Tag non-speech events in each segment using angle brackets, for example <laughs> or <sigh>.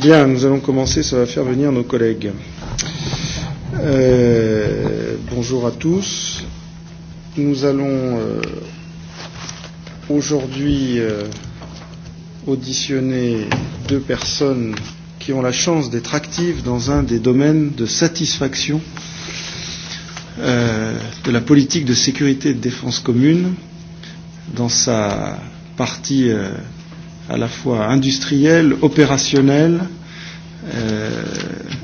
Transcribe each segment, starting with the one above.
Bien, nous allons commencer, ça va faire venir nos collègues. Euh, bonjour à tous. Nous allons euh, aujourd'hui euh, auditionner deux personnes qui ont la chance d'être actives dans un des domaines de satisfaction euh, de la politique de sécurité et de défense commune dans sa partie euh, à la fois industrielle, opérationnelle, euh,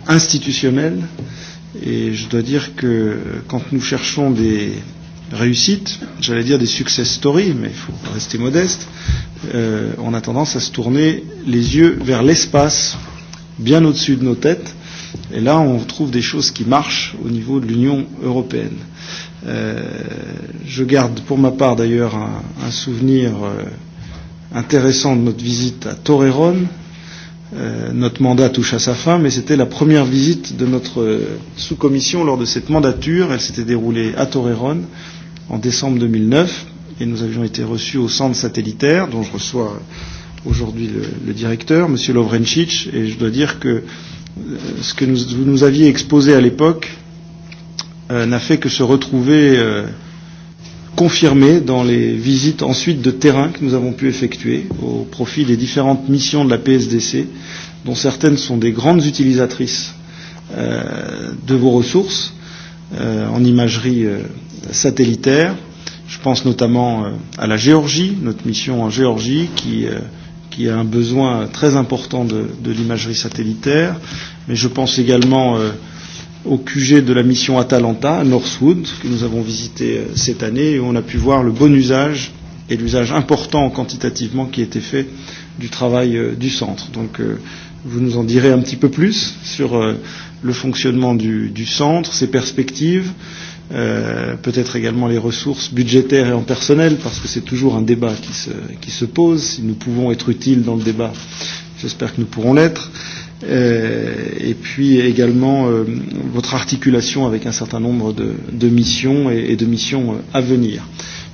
institutionnelle. Et je dois dire que quand nous cherchons des réussites, j'allais dire des success stories, mais il faut rester modeste, euh, on a tendance à se tourner les yeux vers l'espace, bien au-dessus de nos têtes. Et là, on trouve des choses qui marchent au niveau de l'Union européenne. Euh, je garde pour ma part d'ailleurs un, un souvenir euh, intéressant de notre visite à Torreón, Euh, notre mandat touche à sa fin, mais c'était la première visite de notre euh, sous-commission lors de cette mandature. Elle s'était déroulée à Torreón en décembre 2009 et nous avions été reçus au centre satellitaire dont je reçois aujourd'hui le, le directeur, M. Lovrencic, et je dois dire que euh, ce que nous, vous nous aviez exposé à l'époque euh, n'a fait que se retrouver euh, confirmé dans les visites ensuite de terrain que nous avons pu effectuer au profit des différentes missions de la PSDC, dont certaines sont des grandes utilisatrices euh, de vos ressources euh, en imagerie euh, satellitaire. Je pense notamment euh, à la Géorgie, notre mission en Géorgie, qui, euh, qui a un besoin très important de, de l'imagerie satellitaire, mais je pense également euh, au QG de la mission Atalanta à Northwood, que nous avons visité euh, cette année, et on a pu voir le bon usage et l'usage important quantitativement qui était fait du travail euh, du centre. Donc euh, vous nous en direz un petit peu plus sur euh, le fonctionnement du, du centre, ses perspectives, euh, peut-être également les ressources budgétaires et en personnel, parce que c'est toujours un débat qui se, qui se pose. Si nous pouvons être utiles dans le débat, j'espère que nous pourrons l'être. Euh, euh, et puis également euh, votre articulation avec un certain nombre de, de missions et, et de missions euh, à venir,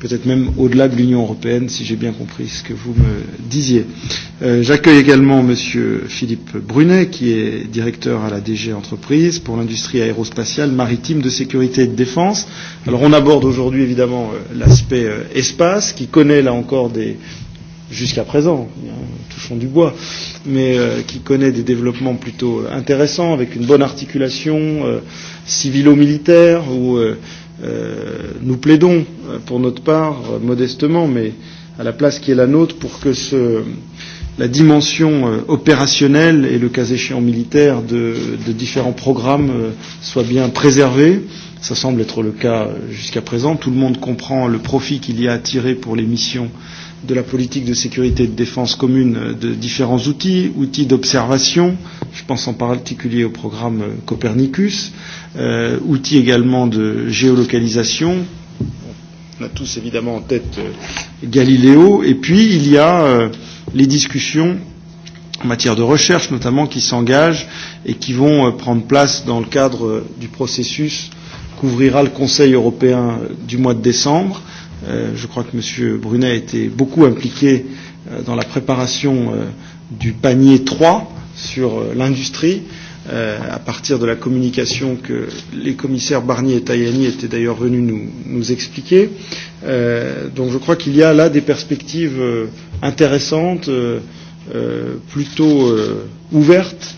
peut-être même au-delà de l'Union européenne, si j'ai bien compris ce que vous me disiez. Euh, J'accueille également Monsieur Philippe Brunet, qui est directeur à la DG Entreprise pour l'industrie aérospatiale, maritime, de sécurité et de défense. Alors on aborde aujourd'hui évidemment euh, l'aspect euh, espace, qui connaît là encore des jusqu'à présent, touchons du bois, euh, mais euh, qui connaît des développements plutôt intéressants, avec une bonne articulation euh, civilo-militaire, où euh, euh, nous plaidons, euh, pour notre part, euh, modestement, mais à la place qui est la nôtre, pour que ce, la dimension euh, opérationnelle et le cas échéant militaire de, de différents programmes euh, soient bien préservées. Ça semble être le cas euh, jusqu'à présent. Tout le monde comprend le profit qu'il y a à tirer pour les missions euh, de la politique de sécurité et de défense commune de différents outils, outils d'observation, je pense en particulier au programme euh, Copernicus, euh, outils également de géolocalisation, on a tous évidemment en tête euh, Galiléo, et puis il y a euh, les discussions en matière de recherche notamment qui s'engagent et qui vont euh, prendre place dans le cadre euh, du processus qu'ouvrira le Conseil européen euh, du mois de décembre. Euh, Euh, je crois que M. Brunet a été beaucoup impliqué euh, dans la préparation euh, du panier 3 sur euh, l'industrie, euh, à partir de la communication que les commissaires Barnier et Tajani étaient d'ailleurs venus nous, nous expliquer. Euh, donc je crois qu'il y a là des perspectives euh, intéressantes, euh, euh, plutôt euh, ouvertes,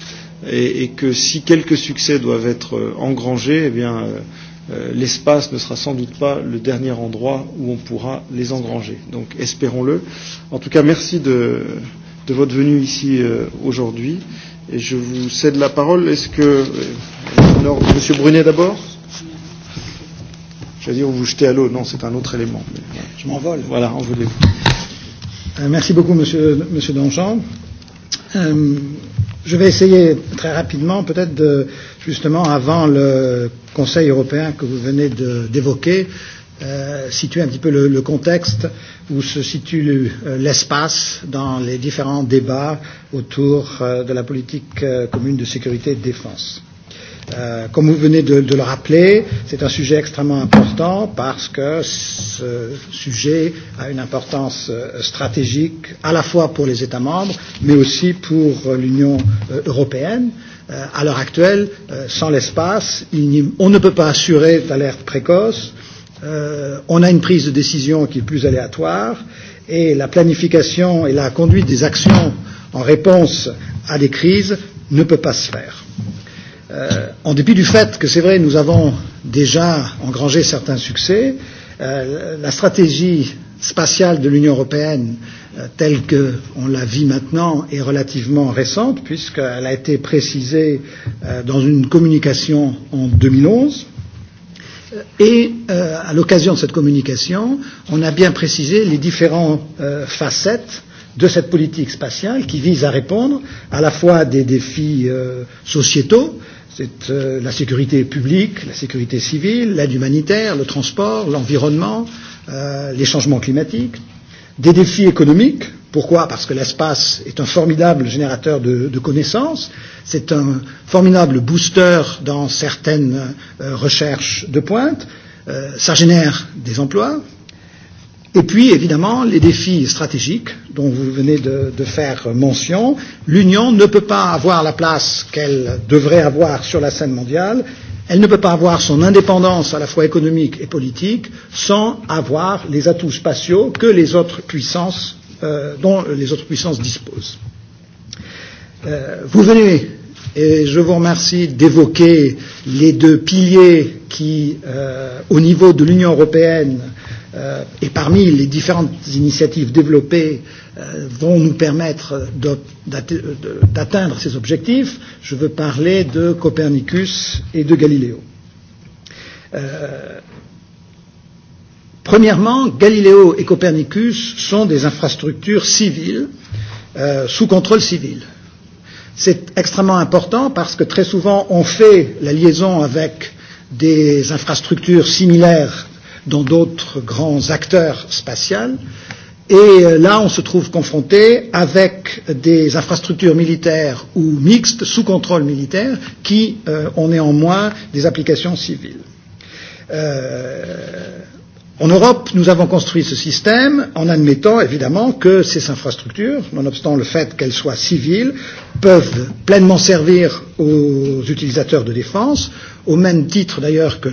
et, et que si quelques succès doivent être euh, engrangés, eh bien, euh, euh, l'espace ne sera sans doute pas le dernier endroit où on pourra les engranger. Donc espérons-le. En tout cas, merci de, de votre venue ici euh, aujourd'hui. Et je vous cède la parole. Est-ce que. Euh, alors, Monsieur Brunet d'abord J'allais dire, vous vous jetez à l'eau. Non, c'est un autre élément. Mais, voilà, je m'envole. Voilà, envolez-vous. Euh, merci beaucoup, Monsieur, monsieur Dangean. Euh, Je vais essayer très rapidement, peut-être, de, justement, avant le Conseil européen que vous venez d'évoquer, euh, situer un petit peu le, le contexte où se situe euh, l'espace dans les différents débats autour euh, de la politique euh, commune de sécurité et de défense. Euh, Euh, comme vous venez de, de le rappeler, c'est un sujet extrêmement important parce que ce sujet a une importance euh, stratégique à la fois pour les États membres, mais aussi pour euh, l'Union euh, européenne. Euh, à l'heure actuelle, euh, sans l'espace, on ne peut pas assurer d'alerte précoce. Euh, on a une prise de décision qui est plus aléatoire et la planification et la conduite des actions en réponse à des crises ne peut pas se faire. Euh, en dépit du fait que c'est vrai, nous avons déjà engrangé certains succès, euh, la stratégie spatiale de l'Union européenne euh, telle qu'on la vit maintenant est relativement récente puisqu'elle a été précisée euh, dans une communication en 2011. Et euh, à l'occasion de cette communication, on a bien précisé les différentes euh, facettes de cette politique spatiale qui vise à répondre à la fois à des défis euh, sociétaux, euh, C'est euh, la sécurité publique, la sécurité civile, l'aide humanitaire, le transport, l'environnement, euh, les changements climatiques, des défis économiques. Pourquoi Parce que l'espace est un formidable générateur de, de connaissances, c'est un formidable booster dans certaines euh, recherches de pointe, euh, ça génère des emplois, Et puis, évidemment, les défis stratégiques dont vous venez de, de faire mention. L'Union ne peut pas avoir la place qu'elle devrait avoir sur la scène mondiale. Elle ne peut pas avoir son indépendance à la fois économique et politique sans avoir les atouts spatiaux que les autres puissances, euh, dont les autres puissances disposent. Euh, vous venez, et je vous remercie d'évoquer les deux piliers qui, euh, au niveau de l'Union européenne, euh, euh, et parmi les différentes initiatives développées euh, vont nous permettre d'atteindre ces objectifs, je veux parler de Copernicus et de Galiléo. Euh, premièrement, Galiléo et Copernicus sont des infrastructures civiles euh, sous contrôle civil. C'est extrêmement important parce que très souvent on fait la liaison avec des infrastructures similaires dans d'autres grands acteurs spatials. Et euh, là, on se trouve confronté avec des infrastructures militaires ou mixtes sous contrôle militaire qui euh, ont néanmoins des applications civiles. Euh, en Europe, nous avons construit ce système en admettant évidemment que ces infrastructures, nonobstant le fait qu'elles soient civiles, peuvent pleinement servir aux utilisateurs de défense, au même titre d'ailleurs que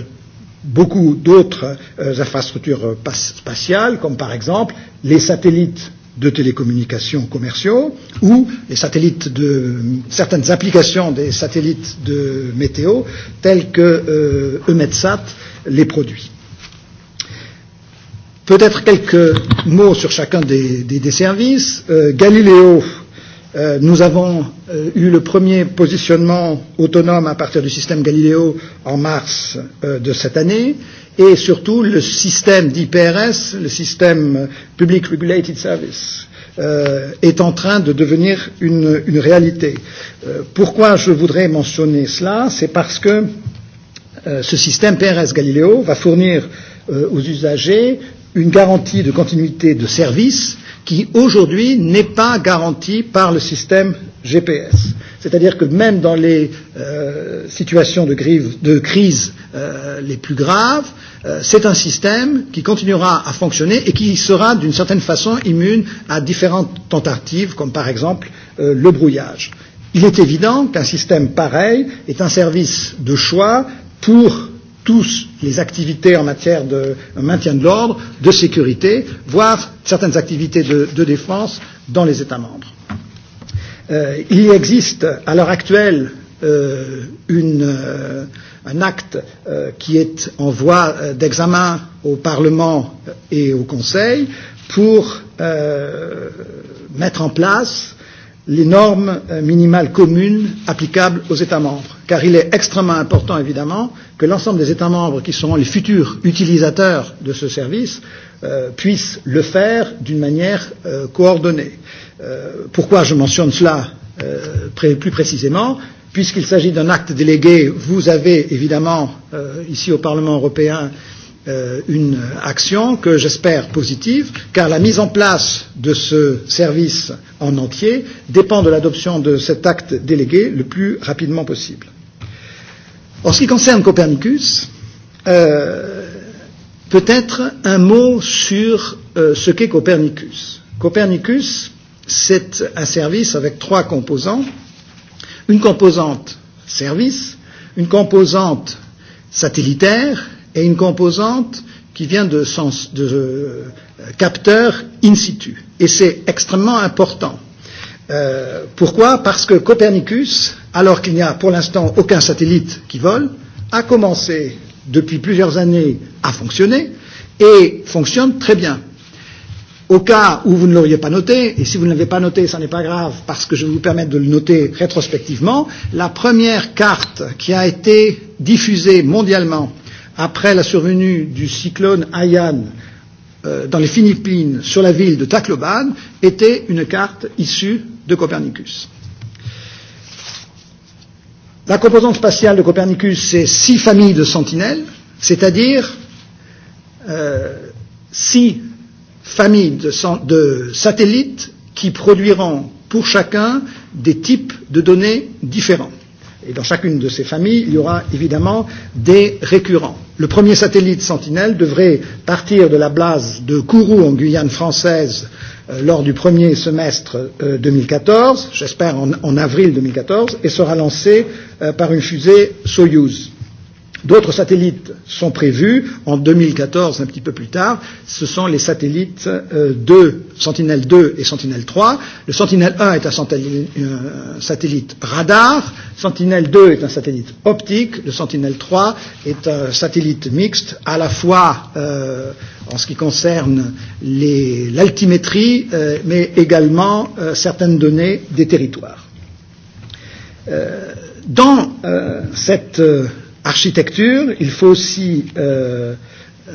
beaucoup d'autres euh, infrastructures euh, spatiales, comme par exemple les satellites de télécommunications commerciaux ou les satellites de euh, certaines applications des satellites de météo tels que euh, EMETSAT les produits. Peut-être quelques mots sur chacun des, des, des services. Euh, Galileo euh, Euh, nous avons euh, eu le premier positionnement autonome à partir du système Galileo en mars euh, de cette année et surtout le système d'IPRS, le système Public Regulated Service, euh, est en train de devenir une, une réalité. Euh, pourquoi je voudrais mentionner cela C'est parce que euh, ce système PRS Galileo va fournir euh, aux usagers une garantie de continuité de service qui aujourd'hui n'est pas garantie par le système GPS. C'est-à-dire que même dans les euh, situations de, grive, de crise euh, les plus graves, euh, c'est un système qui continuera à fonctionner et qui sera d'une certaine façon immune à différentes tentatives, comme par exemple euh, le brouillage. Il est évident qu'un système pareil est un service de choix pour euh, tous les activités en matière de maintien de l'ordre, de sécurité, voire certaines activités de, de défense dans les États membres. Euh, il existe à l'heure actuelle euh, une, euh, un acte euh, qui est en voie euh, d'examen au Parlement et au Conseil pour euh, mettre en place les normes euh, minimales communes applicables aux États membres, car il est extrêmement important, évidemment, que l'ensemble des États membres qui seront les futurs utilisateurs de ce service euh, puissent le faire d'une manière euh, coordonnée. Euh, pourquoi je mentionne cela euh, pré plus précisément Puisqu'il s'agit d'un acte délégué, vous avez évidemment euh, ici au Parlement européen euh, euh, une action que j'espère positive, car la mise en place de ce service en entier dépend de l'adoption de cet acte délégué le plus rapidement possible. En ce qui concerne Copernicus, euh, peut-être un mot sur euh, ce qu'est Copernicus. Copernicus, c'est un service avec trois composants. Une composante service, une composante satellitaire et une composante qui vient de, sens, de euh, capteurs in situ. Et c'est extrêmement important. Euh, pourquoi Parce que Copernicus, alors qu'il n'y a pour l'instant aucun satellite qui vole, a commencé depuis plusieurs années à fonctionner et fonctionne très bien. Au cas où vous ne l'auriez pas noté, et si vous ne l'avez pas noté, ça n'est pas grave parce que je vais vous permettre de le noter rétrospectivement, la première carte qui a été diffusée mondialement après la survenue du cyclone Ayan euh, dans les Philippines sur la ville de Tacloban était une carte issue de Copernicus. La composante spatiale de Copernicus, c'est six familles de sentinelles, c'est-à-dire euh, six familles de, de satellites qui produiront pour chacun des types de données différents. Et dans chacune de ces familles, il y aura évidemment des récurrents. Le premier satellite Sentinelle devrait partir de la base de Kourou en Guyane française euh, lors du premier semestre euh, 2014, j'espère en, en avril 2014, et sera lancé euh, par une fusée Soyuz. D'autres satellites sont prévus en 2014, un petit peu plus tard. Ce sont les satellites euh, 2, Sentinel 2 et Sentinel 3. Le Sentinel 1 est un satellite, euh, satellite radar. Sentinel 2 est un satellite optique. Le Sentinel 3 est un satellite mixte, à la fois euh, en ce qui concerne l'altimétrie, euh, mais également euh, certaines données des territoires. Euh, dans euh, cette euh, architecture, il faut aussi euh,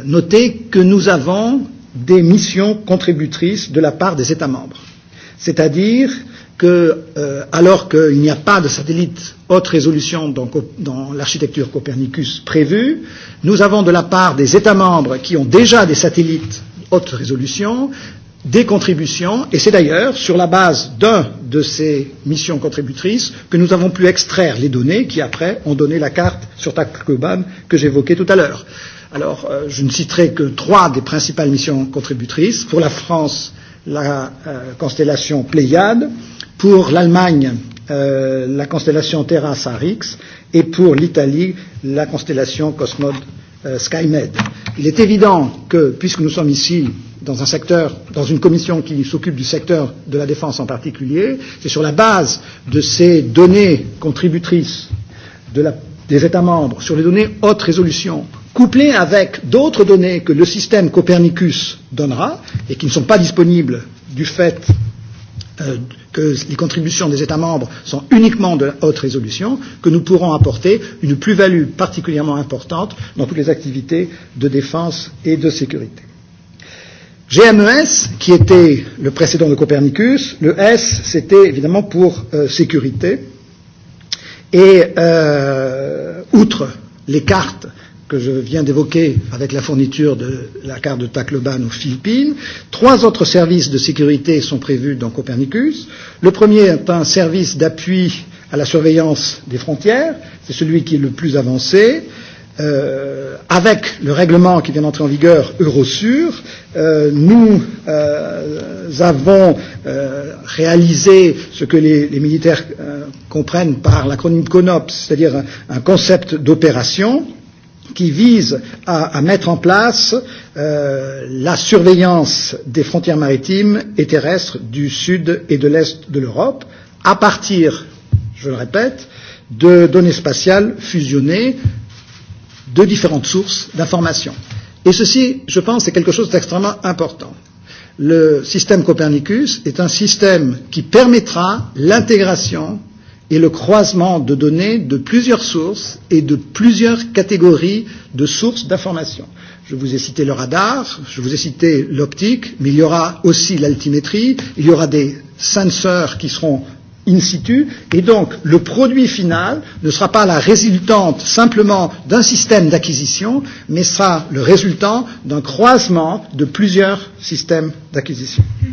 noter que nous avons des missions contributrices de la part des États membres. C'est-à-dire que, euh, alors qu'il n'y a pas de satellite haute résolution dans, dans l'architecture Copernicus prévue, nous avons de la part des États membres qui ont déjà des satellites haute résolution des contributions, et c'est d'ailleurs sur la base d'un de ces missions contributrices que nous avons pu extraire les données qui, après, ont donné la carte sur Tacloban que j'évoquais tout à l'heure. Alors, euh, je ne citerai que trois des principales missions contributrices. Pour la France, la euh, constellation Pléiade, pour l'Allemagne, euh, la constellation Terra Sarix, et pour l'Italie, la constellation Cosmode euh, SkyMed. Il est évident que, puisque nous sommes ici dans un secteur, dans une commission qui s'occupe du secteur de la défense en particulier, c'est sur la base de ces données contributrices de la, des États membres, sur les données haute résolution, couplées avec d'autres données que le système Copernicus donnera et qui ne sont pas disponibles du fait euh, que les contributions des États membres sont uniquement de la haute résolution, que nous pourrons apporter une plus-value particulièrement importante dans toutes les activités de défense et de sécurité. GMES, qui était le précédent de Copernicus, le S, c'était évidemment pour euh, sécurité. Et euh, outre les cartes que je viens d'évoquer avec la fourniture de la carte de Tacloban aux Philippines. Trois autres services de sécurité sont prévus dans Copernicus. Le premier est un service d'appui à la surveillance des frontières. C'est celui qui est le plus avancé. Euh, avec le règlement qui vient d'entrer en vigueur Eurosur, euh, nous euh, avons euh, réalisé ce que les, les militaires euh, comprennent par l'acronyme CONOPS, c'est-à-dire un, un concept d'opération euh, qui vise à, à mettre en place euh, la surveillance des frontières maritimes et terrestres du sud et de l'est de l'Europe à partir, je le répète, de données spatiales fusionnées de différentes sources d'informations. Et ceci, je pense, est quelque chose d'extrêmement important. Le système Copernicus est un système qui permettra l'intégration et le croisement de données de plusieurs sources et de plusieurs catégories de sources d'informations. Je vous ai cité le radar, je vous ai cité l'optique, mais il y aura aussi l'altimétrie, il y aura des sensors qui seront in situ, et donc le produit final ne sera pas la résultante simplement d'un système d'acquisition, mais sera le résultant d'un croisement de plusieurs systèmes d'acquisition. Mmh.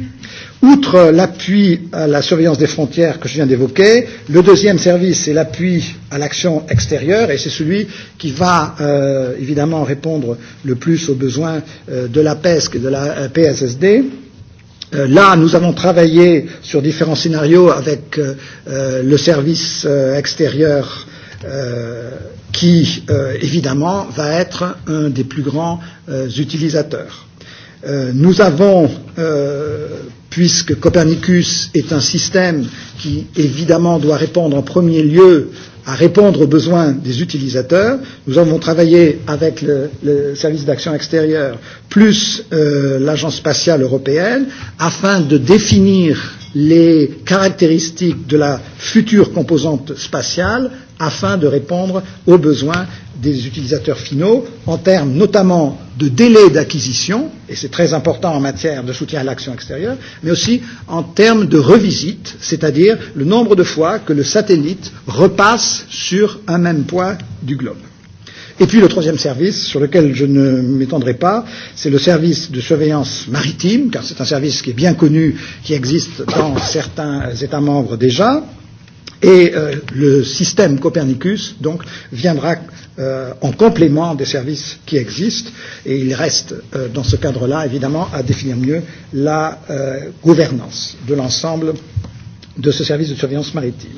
Outre l'appui à la surveillance des frontières que je viens d'évoquer, le deuxième service, c'est l'appui à l'action extérieure, et c'est celui qui va euh, évidemment répondre le plus aux besoins euh, de la PESC et de la euh, PSSD. Euh, là, nous avons travaillé sur différents scénarios avec euh, euh, le service euh, extérieur euh, qui, euh, évidemment, va être un des plus grands euh, utilisateurs. Euh, nous avons euh, puisque Copernicus est un système qui, évidemment, doit répondre en premier lieu à répondre aux besoins des utilisateurs. Nous avons travaillé avec le, le service d'action extérieure plus euh, l'agence spatiale européenne afin de définir les caractéristiques de la future composante spatiale afin de répondre aux besoins des utilisateurs finaux en termes notamment de délai d'acquisition, et c'est très important en matière de soutien à l'action extérieure, mais aussi en termes de revisite, c'est-à-dire le nombre de fois que le satellite repasse sur un même point du globe. Et puis le troisième service, sur lequel je ne m'étendrai pas, c'est le service de surveillance maritime, car c'est un service qui est bien connu, qui existe dans certains États membres déjà, Et euh, le système Copernicus donc viendra euh, en complément des services qui existent. Et il reste euh, dans ce cadre-là évidemment à définir mieux la euh, gouvernance de l'ensemble de ce service de surveillance maritime.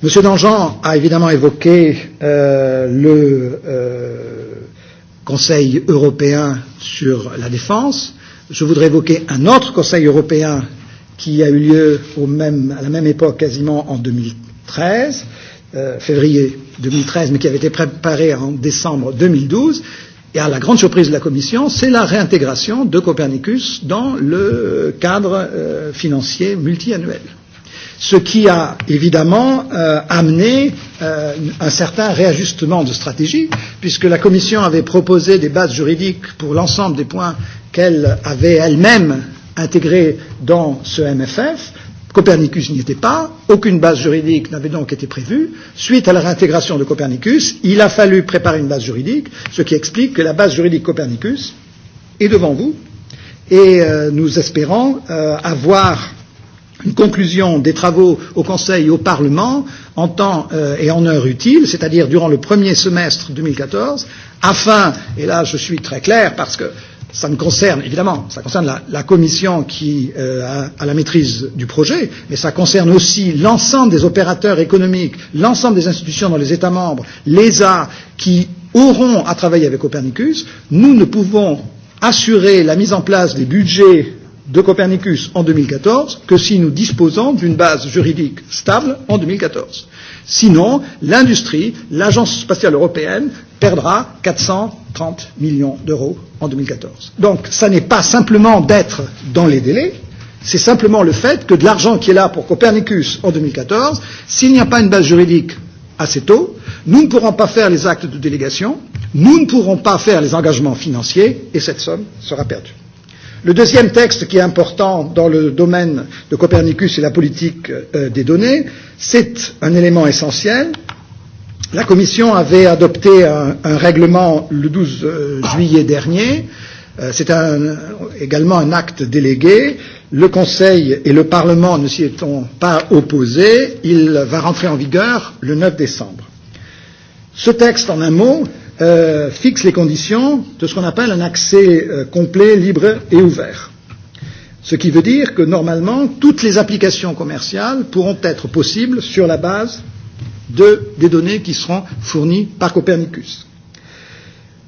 Monsieur Dangean a évidemment évoqué euh, le euh, Conseil européen sur la défense. Je voudrais évoquer un autre Conseil européen qui a eu lieu au même, à la même époque quasiment en 2013, euh, février 2013, mais qui avait été préparé en décembre 2012. Et à la grande surprise de la Commission, c'est la réintégration de Copernicus dans le cadre euh, financier multiannuel. Ce qui a évidemment euh, amené euh, un certain réajustement de stratégie, puisque la Commission avait proposé des bases juridiques pour l'ensemble des points qu'elle avait elle-même intégrés dans ce MFF. Copernicus n'y était pas, aucune base juridique n'avait donc été prévue. Suite à la réintégration de Copernicus, il a fallu préparer une base juridique, ce qui explique que la base juridique Copernicus est devant vous et euh, nous espérons euh, avoir une conclusion des travaux au Conseil et au Parlement en temps euh, et en heure utile, c'est-à-dire durant le premier semestre 2014, afin, et là je suis très clair parce que ça ne concerne évidemment, ça concerne la, la commission qui euh, a, a la maîtrise du projet, mais ça concerne aussi l'ensemble des opérateurs économiques, l'ensemble des institutions dans les États membres, l'ESA, qui auront à travailler avec Copernicus. Nous ne pouvons assurer la mise en place des budgets de Copernicus en 2014 que si nous disposons d'une base juridique stable en 2014. Sinon, l'industrie, l'Agence spatiale européenne, perdra 430 millions d'euros en 2014. Donc, ça n'est pas simplement d'être dans les délais, c'est simplement le fait que de l'argent qui est là pour Copernicus en 2014, s'il n'y a pas une base juridique assez tôt, nous ne pourrons pas faire les actes de délégation, nous ne pourrons pas faire les engagements financiers et cette somme sera perdue. Le deuxième texte qui est important dans le domaine de Copernicus et la politique euh, des données, c'est un élément essentiel. La Commission avait adopté un, un règlement le 12 euh, juillet dernier. Euh, c'est un, également un acte délégué. Le Conseil et le Parlement ne s'y étant pas opposés, il va rentrer en vigueur le 9 décembre. Ce texte, en un mot, euh, fixe les conditions de ce qu'on appelle un accès euh, complet, libre et ouvert. Ce qui veut dire que normalement, toutes les applications commerciales pourront être possibles sur la base de, des données qui seront fournies par Copernicus.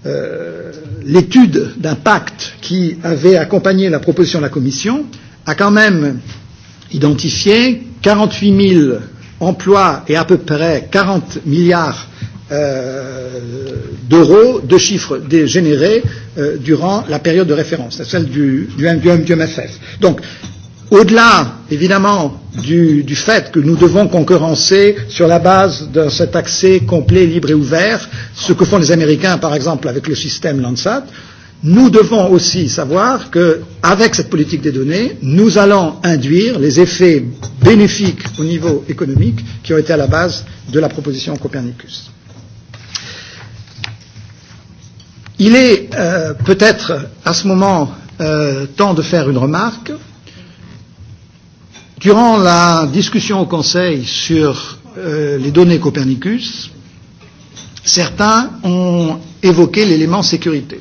Euh, L'étude d'impact qui avait accompagné la proposition de la Commission a quand même identifié 48 000 emplois et à peu près 40 milliards euh, d'euros de chiffres générés euh, durant la période de référence, celle du, du, du, du MFF. Donc, au-delà, évidemment, du, du fait que nous devons concurrencer sur la base de cet accès complet, libre et ouvert, ce que font les Américains, par exemple, avec le système Landsat, nous devons aussi savoir que, avec cette politique des données, nous allons induire les effets bénéfiques au niveau économique qui ont été à la base de la proposition Copernicus. Il est euh, peut-être à ce moment euh, temps de faire une remarque. Durant la discussion au Conseil sur euh, les données Copernicus, certains ont évoqué l'élément sécurité.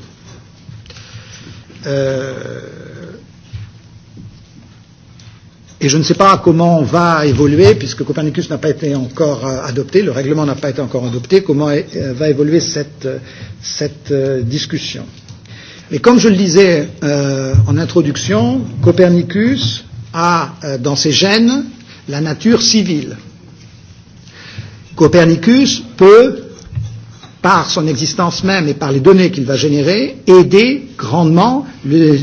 Euh, Et je ne sais pas comment on va évoluer, puisque Copernicus n'a pas été encore euh, adopté, le règlement n'a pas été encore adopté, comment euh, va évoluer cette, euh, cette euh, discussion. Mais comme je le disais euh, en introduction, Copernicus a euh, dans ses gènes la nature civile. Copernicus peut, par son existence même et par les données qu'il va générer, aider grandement le,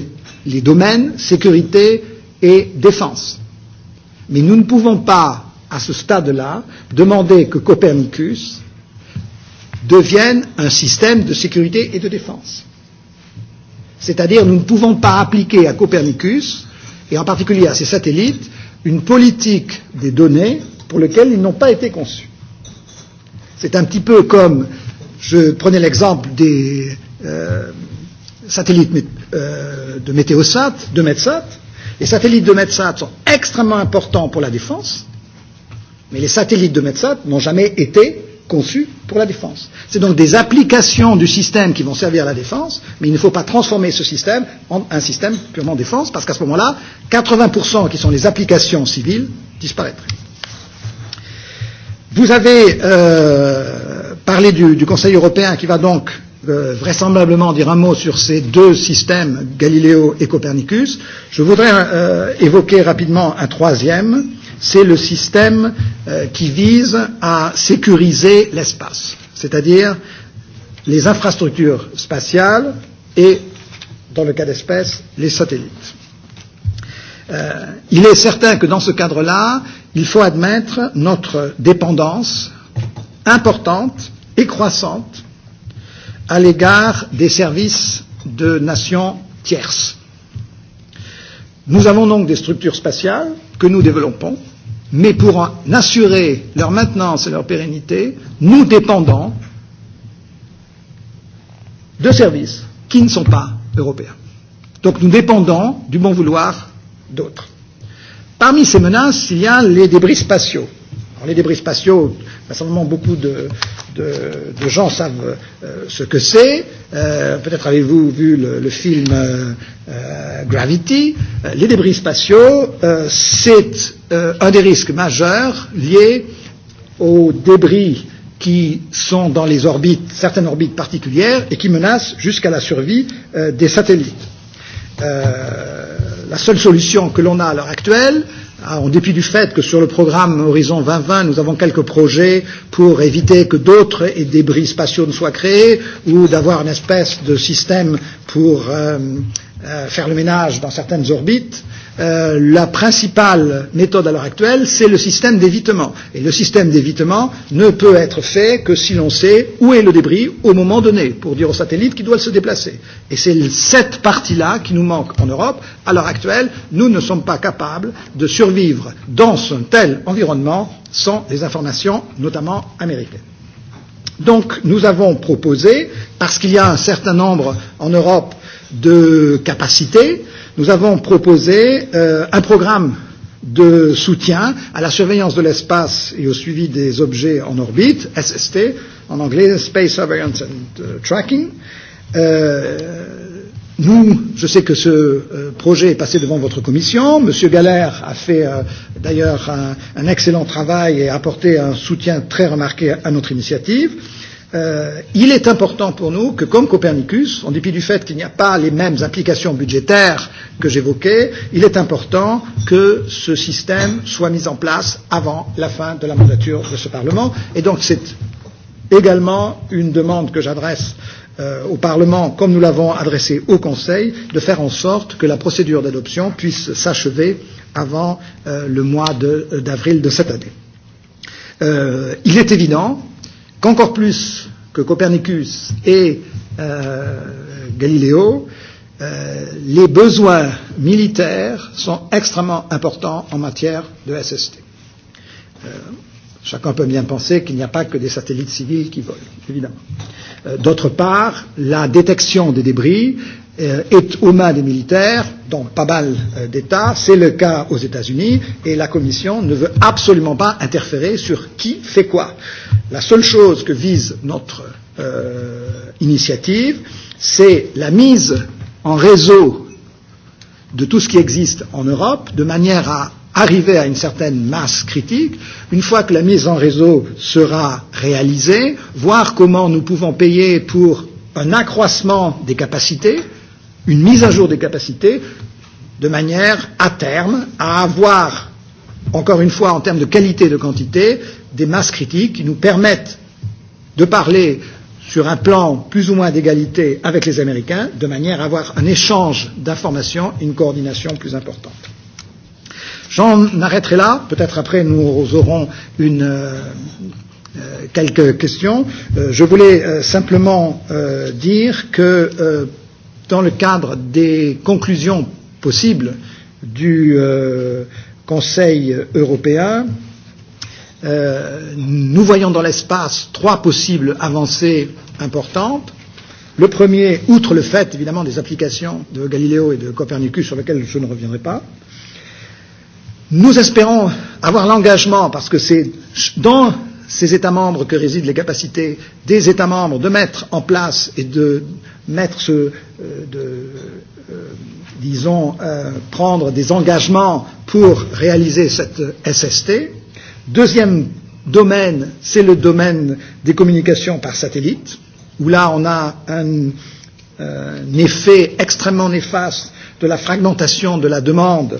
les domaines sécurité et défense. Mais nous ne pouvons pas, à ce stade-là, demander que Copernicus devienne un système de sécurité et de défense. C'est-à-dire, nous ne pouvons pas appliquer à Copernicus, et en particulier à ses satellites, une politique des données pour lesquelles ils n'ont pas été conçus. C'est un petit peu comme, je prenais l'exemple des euh, satellites euh, de Météosat, de Metsat, Les satellites de Metsat sont extrêmement importants pour la défense, mais les satellites de Metsat n'ont jamais été conçus pour la défense. C'est donc des applications du système qui vont servir à la défense, mais il ne faut pas transformer ce système en un système purement défense, parce qu'à ce moment-là, 80% qui sont les applications civiles disparaîtraient. Vous avez euh, parlé du, du Conseil européen qui va donc euh, vraisemblablement dire un mot sur ces deux systèmes, Galiléo et Copernicus. Je voudrais euh, évoquer rapidement un troisième, c'est le système euh, qui vise à sécuriser l'espace, c'est-à-dire les infrastructures spatiales et, dans le cas d'espèce, les satellites. Euh, il est certain que dans ce cadre-là, il faut admettre notre dépendance importante et croissante à l'égard des services de nations tierces. Nous avons donc des structures spatiales que nous développons, mais pour en assurer leur maintenance et leur pérennité, nous dépendons de services qui ne sont pas européens. Donc nous dépendons du bon vouloir d'autres. Parmi ces menaces, il y a les débris spatiaux. Alors, les débris spatiaux, il y a certainement beaucoup de, de, de gens savent euh, ce que c'est. Euh, Peut-être avez-vous vu le, le film euh, euh, Gravity. Euh, les débris spatiaux, euh, c'est euh, un des risques majeurs liés aux débris qui sont dans les orbites, certaines orbites particulières, et qui menacent jusqu'à la survie euh, des satellites. Euh, la seule solution que l'on a à l'heure actuelle, euh, Ah, en dépit du fait que sur le programme Horizon 2020, nous avons quelques projets pour éviter que d'autres débris spatiaux ne soient créés ou d'avoir une espèce de système pour euh, euh, faire le ménage dans certaines orbites. Euh, euh, la principale méthode à l'heure actuelle, c'est le système d'évitement. Et le système d'évitement ne peut être fait que si l'on sait où est le débris au moment donné, pour dire au satellite qu'il doit se déplacer. Et c'est cette partie-là qui nous manque en Europe. À l'heure actuelle, nous ne sommes pas capables de survivre dans un tel environnement sans les informations, notamment américaines. Donc nous avons proposé, parce qu'il y a un certain nombre en Europe de capacité, nous avons proposé euh, un programme de soutien à la surveillance de l'espace et au suivi des objets en orbite, SST, en anglais Space Surveillance and uh, Tracking. Euh, nous, je sais que ce euh, projet est passé devant votre commission. Monsieur Galère a fait euh, d'ailleurs un, un excellent travail et a apporté un soutien très remarqué à notre initiative. Euh, euh, il est important pour nous que, comme Copernicus, en dépit du fait qu'il n'y a pas les mêmes implications budgétaires que j'évoquais, il est important que ce système soit mis en place avant la fin de la mandature de ce Parlement. Et donc, c'est également une demande que j'adresse euh, au Parlement, comme nous l'avons adressée au Conseil, de faire en sorte que la procédure d'adoption puisse s'achever avant euh, le mois euh, d'avril de, de cette année. Euh, il est évident qu'encore plus que Copernicus et euh, Galiléo, euh, les besoins militaires sont extrêmement importants en matière de SST. Euh, Chacun peut bien penser qu'il n'y a pas que des satellites civils qui volent, évidemment. Euh, D'autre part, la détection des débris euh, est aux mains des militaires dans pas mal euh, d'États. C'est le cas aux États-Unis et la Commission ne veut absolument pas interférer sur qui fait quoi. La seule chose que vise notre euh, initiative, c'est la mise en réseau de tout ce qui existe en Europe de manière à arriver à une certaine masse critique, une fois que la mise en réseau sera réalisée, voir comment nous pouvons payer pour un accroissement des capacités, une mise à jour des capacités de manière, à terme, à avoir, encore une fois, en termes de qualité et de quantité, des masses critiques qui nous permettent de parler sur un plan plus ou moins d'égalité avec les Américains, de manière à avoir un échange d'informations, une coordination plus importante. J'en arrêterai là. Peut-être après, nous aurons une, euh, euh quelques questions. Euh, je voulais euh, simplement euh, dire que euh, dans le cadre des conclusions possibles du euh, Conseil européen, euh, nous voyons dans l'espace trois possibles avancées importantes. Le premier, outre le fait évidemment des applications de Galiléo et de Copernicus sur lesquelles je ne reviendrai pas, nous espérons avoir l'engagement, parce que c'est dans ces États membres que résident les capacités des États membres de mettre en place et de mettre ce, euh, de, euh, disons, euh, prendre des engagements pour réaliser cette SST. Deuxième domaine, c'est le domaine des communications par satellite, où là on a un, euh, un effet extrêmement néfaste de la fragmentation de la demande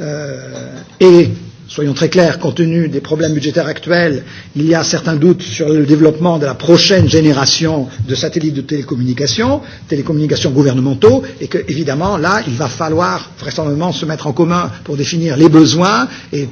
euh, et soyons très clairs, compte tenu des problèmes budgétaires actuels, il y a certains doutes sur le développement de la prochaine génération de satellites de télécommunications, télécommunications gouvernementaux, et que, évidemment, là, il va falloir vraisemblablement se mettre en commun pour définir les besoins et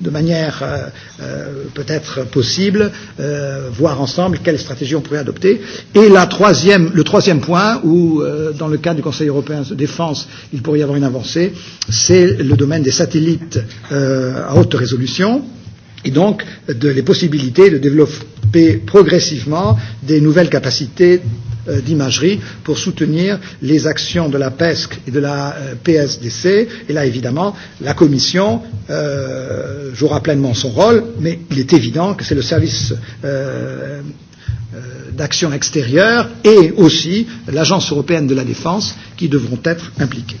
de manière euh, euh, peut-être possible, euh, voir ensemble quelle stratégie on pourrait adopter. Et la troisième, le troisième point, où euh, dans le cadre du Conseil européen de défense, il pourrait y avoir une avancée, c'est le domaine des satellites euh, à haute résolution. Euh, et donc de les possibilités de développer progressivement des nouvelles capacités euh, d'imagerie pour soutenir les actions de la PESC et de la euh, PSDC. Et là, évidemment, la Commission euh, jouera pleinement son rôle, mais il est évident que c'est le service euh, euh d'action extérieure et aussi l'Agence européenne de la défense qui devront être impliqués.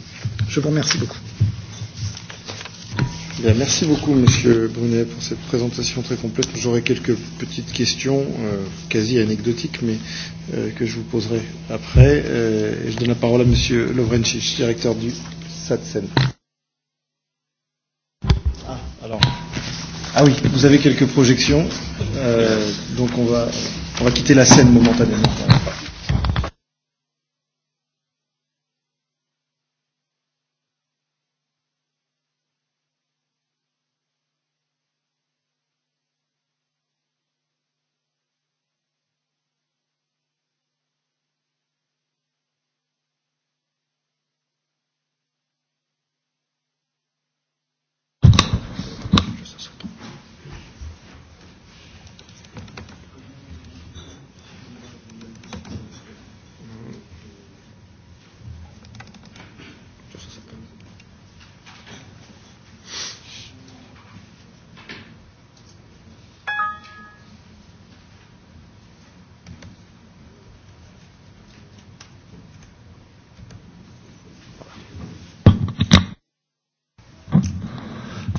Je vous remercie beaucoup. Bien, merci beaucoup, Monsieur Brunet, pour cette présentation très complète. J'aurai quelques petites questions, euh, quasi anecdotiques, mais euh, que je vous poserai après. Euh, et je donne la parole à Monsieur Lovrencic, directeur du SATSEN. Ah, alors. Ah oui, vous avez quelques projections, euh, donc on va, on va quitter la scène momentanément. Voilà.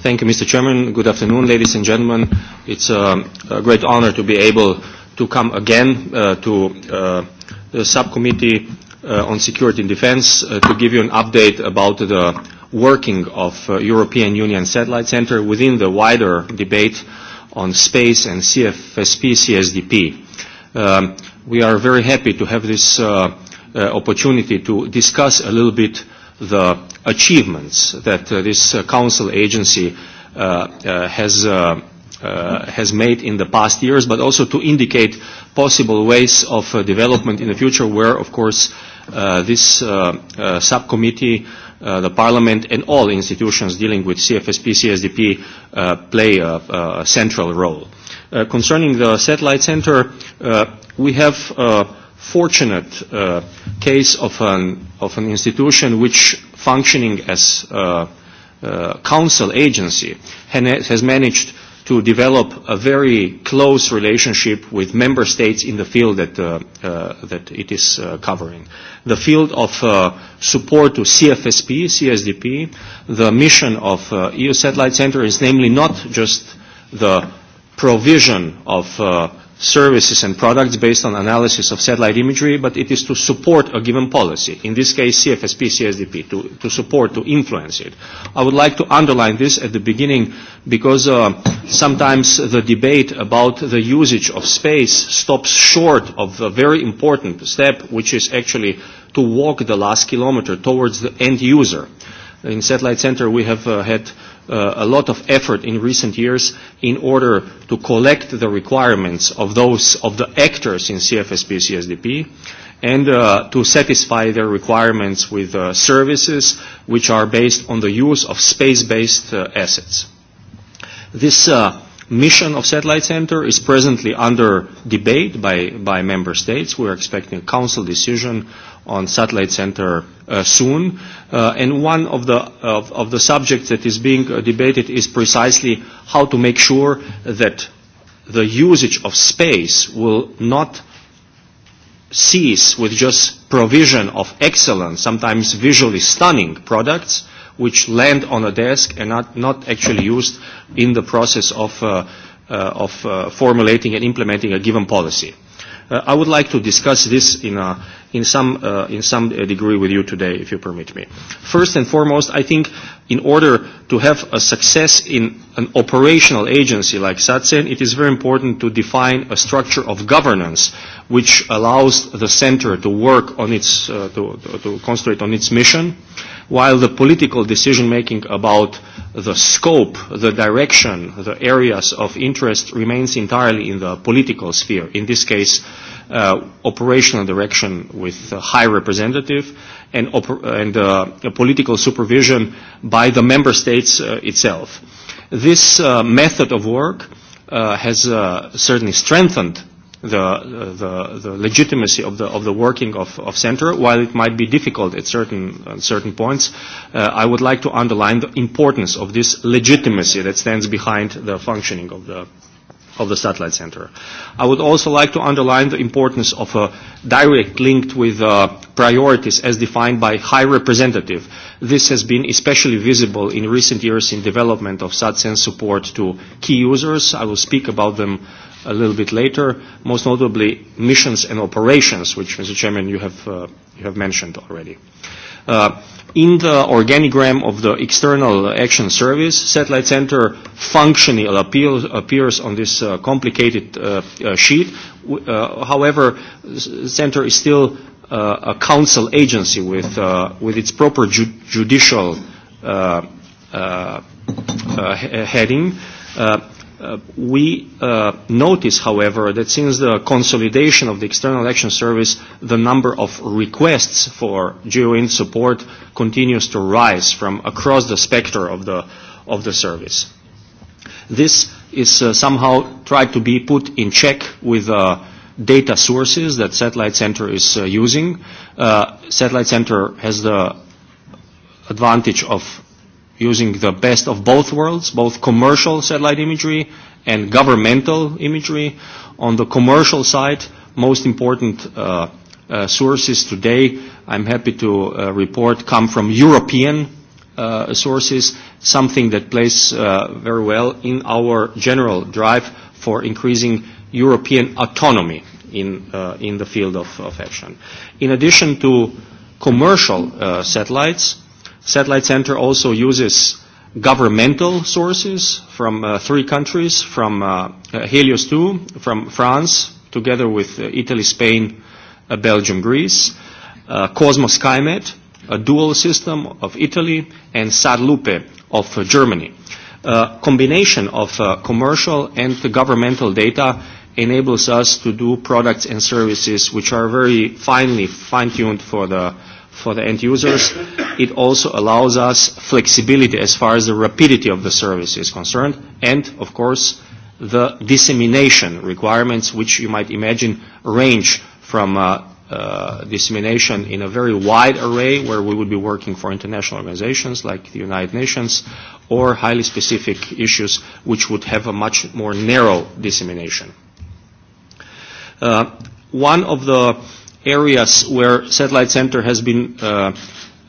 Thank you, Mr. Chairman. Good afternoon, ladies and gentlemen. It's a, uh, a great honor to be able to come again uh, to uh, the subcommittee uh, on security and defense uh, to give you an update about the working of uh, European Union Satellite Center within the wider debate on space and CFSP CSDP. Um, we are very happy to have this uh, uh, opportunity to discuss a little bit uh, the achievements that uh, this uh, council agency uh, uh, has, uh, uh, has made in the past years, but also to indicate possible ways of uh, development in the future where, of course, uh, this uh, uh, subcommittee uh, the Parliament and all institutions dealing with CFSP, CSDP uh, play a, a central role. Uh, concerning the satellite center, uh, we have uh, fortunate uh, case of an, of an institution which functioning as uh, uh, council agency has managed to develop a very close relationship with member states in the field that, uh, uh, that it is uh, covering. The field of uh, support to CFSP, CSDP, the mission of uh, EU Satellite Center is namely not just the provision of uh, services and products based on analysis of satellite imagery, but it is to support a given policy, in this case CFSP, CSDP, to, to support, to influence it. I would like to underline this at the beginning because uh, sometimes the debate about the usage of space stops short of a very important step, which is actually to walk the last kilometer towards the end user. In Satellite Center we have uh, had uh, uh, a lot of effort in recent years in order to collect the requirements of those of the actors in CFSP CSDP and uh, to satisfy their requirements with uh, services which are based on the use of space-based uh, assets. This uh, mission of Satellite Center is presently under debate by, by member states. We're expecting a council decision on Satellite Center uh, soon. Uh, and one of the, of, of the subjects that is being uh, debated is precisely how to make sure that the usage of space will not cease with just provision of excellent, sometimes visually stunning products, which land on a desk and are not actually used in the process of, uh, uh, of uh, formulating and implementing a given policy. Uh, I would like to discuss this in, a, uh, in some, uh, in some degree with you today, if you permit me. First and foremost, I think in order to have a success in an operational agency like SATSEN, it is very important to define a structure of governance which allows the center to work on its, uh, to, to concentrate on its mission. Uh, while the political decision making about the scope, the direction, the areas of interest remains entirely in the political sphere. In this case, uh, operational direction with uh, high representative and, oper- and uh, political supervision by the member states uh, itself. This uh, method of work uh, has uh, certainly strengthened the, the, the legitimacy of the, of the working of, of center, while it might be difficult at certain, at certain points, uh, I would like to underline the importance of this legitimacy that stands behind the functioning of the, of the satellite center. I would also like to underline the importance of a direct link with uh, priorities as defined by High Representative. This has been especially visible in recent years in development of SATSEN support to key users. I will speak about them uh, a little bit later, most notably missions and operations, which, Mr. Chairman, you have, uh, you have mentioned already. Uh, in the organigram of the External Action Service, Satellite Center functionally appeal, appears on this uh, complicated uh, uh, sheet. Uh, however, Center is still uh, a council agency with, uh, with its proper ju- judicial uh, uh, uh, heading. Uh, Uh, we uh, notice, however, that since the consolidation of the External Action Service, the number of requests for GeoInt support continues to rise from across the spectre of the, of the service. This is uh, somehow tried to be put in check with uh, data sources that Satellite Center is uh, using. Uh, Satellite Center has the advantage of using the best of both worlds, both commercial satellite imagery and governmental imagery. On the commercial side, most important uh, uh, sources today, I'm happy to uh, report, come from European uh, sources, something that plays uh, very well in our general drive for increasing European autonomy in, uh, in the field of, of action. In addition to commercial uh, satellites, Satellite Center also uses governmental sources from uh, three countries, from uh, uh Helios 2, from France, together with uh, Italy, Spain, uh, Belgium, Greece, uh, Cosmos Skymet, a dual system of Italy, and Sat Lupe of uh, Germany. Uh, combination of uh, commercial and governmental data enables us to do products and services which are very finely fine-tuned for the for the end users. It also allows us flexibility as far as the rapidity of the service is concerned, and of course, the dissemination requirements, which you might imagine range from uh, uh, dissemination in a very wide array where we would be working for international organizations like the United Nations or highly specific issues which would have a much more narrow dissemination. Uh, one of the areas where satellite center has been uh,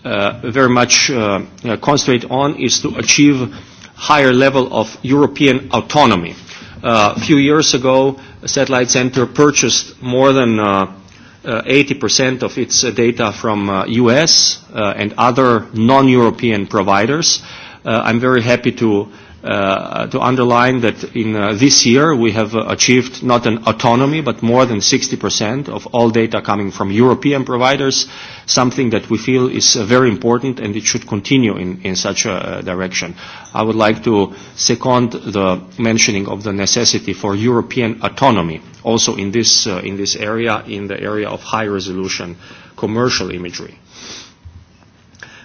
uh, very much uh, uh, concentrated on is to achieve higher level of European autonomy. Uh, a few years ago, satellite center purchased more than uh, uh, 80% of its uh, data from uh, US uh, and other non-European providers. Uh, I'm very happy to uh, uh, to underline that in uh, this year we have uh, achieved not an autonomy but more than 60% of all data coming from European providers, something that we feel is uh, very important and it should continue in, in such a uh, direction. I would like to second the mentioning of the necessity for European autonomy also in this, uh, in this area, in the area of high resolution commercial imagery.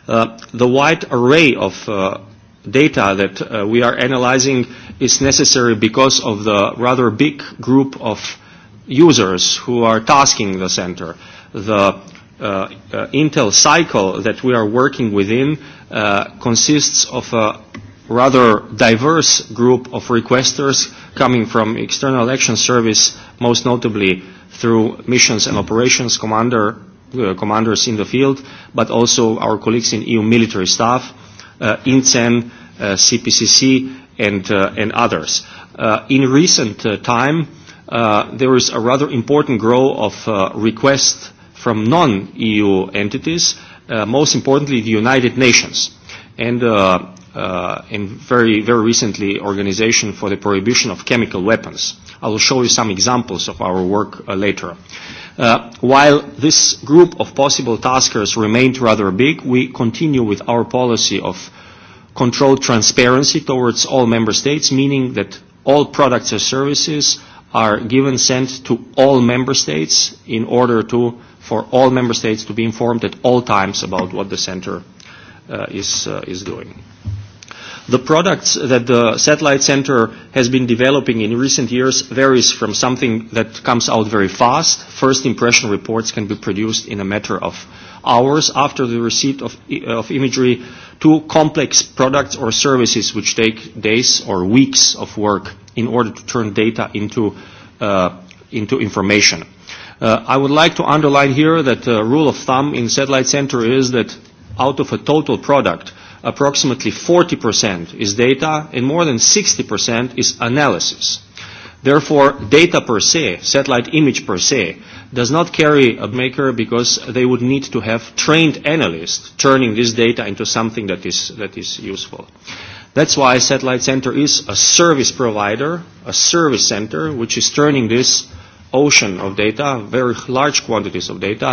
Uh, the wide array of uh, data that uh, we are analyzing is necessary because of the rather big group of users who are tasking the center. The uh, uh, Intel cycle that we are working within uh, consists of a rather diverse group of requesters coming from external action service, most notably through missions and operations commander, uh, commanders in the field, but also our colleagues in EU military staff, uh, uh, INCEN, uh, CPCC, and, uh, and others. Uh, in recent uh, time, uh, there is a rather important growth of uh, requests from non-EU entities, uh, most importantly the United Nations. And uh, uh, and very, very recently Organization for the Prohibition of Chemical Weapons. I will show you some examples of our work uh, later. Uh, while this group of possible taskers remained rather big, we continue with our policy of controlled transparency towards all member states, meaning that all products or services are given sent to all member states in order to, for all member states to be informed at all times about what the center uh, is, uh, is doing. The products that the satellite center has been developing in recent years varies from something that comes out very fast. First impression reports can be produced in a matter of hours after the receipt of, of imagery to complex products or services which take days or weeks of work in order to turn data into, uh, into information. Uh, I would like to underline here that the uh, rule of thumb in satellite center is that out of a total product, uh, approximately 40% is data and more than 60% is analysis. Therefore, data per se, satellite image per se, does not carry a maker because they would need to have trained analysts turning this data into something that is, that is useful. That's why Satellite Center is a service provider, a service center, which is turning this uh, ocean of data, very large quantities of data,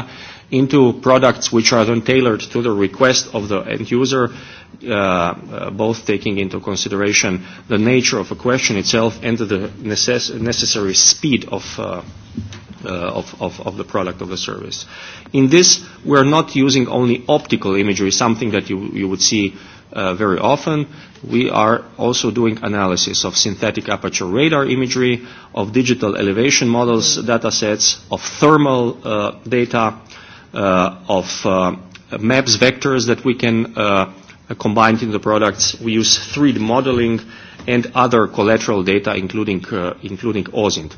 into products which are then tailored to the request of the end user, uh, uh, both taking into consideration the nature of a question itself and the necess- necessary speed of, uh, uh, of, of, of the product of the service. In this, we're not using only optical imagery, something that you, you would see uh, uh, very often. We are also doing analysis of synthetic aperture radar imagery, of digital elevation models data sets, of thermal uh, data, uh, of uh, maps vectors that we can uh, combine in the products. We use 3D modeling and other collateral data, including, uh, including OSINT. Uh,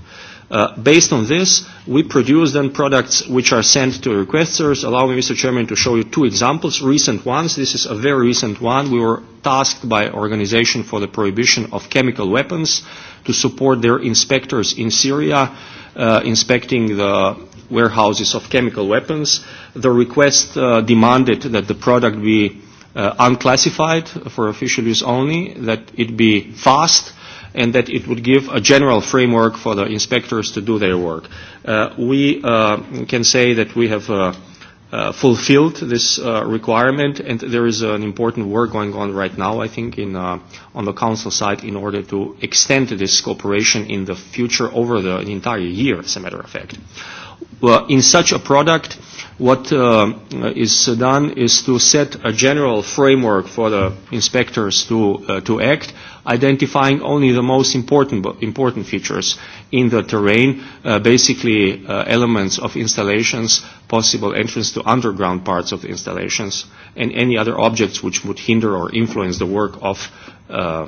Uh, based on this, we produce then products which are sent to requesters. Allow me, Mr. Chairman, to show you two examples, recent ones. This is a very recent one. We were tasked by Organization for the Prohibition of Chemical Weapons to support their inspectors in Syria, uh, inspecting the warehouses of chemical weapons. The request uh, demanded that the product be uh, unclassified for official use only, that it be fast, uh, and that it would give a general framework for the inspectors to do their work. Uh, we uh, can say that we have uh, uh, fulfilled this uh, requirement, and there is an important work going on right now, I think, in, uh, on the council side in order to extend this cooperation in the future over the, the entire year, as a matter of fact. Well, in such a product, what uh, is done is to set a general framework for the inspectors to, uh, to act, identifying only the most important, important features in the terrain, uh, basically uh, elements of installations, possible entrance to underground parts of the installations, and any other objects which would hinder or influence the work of uh,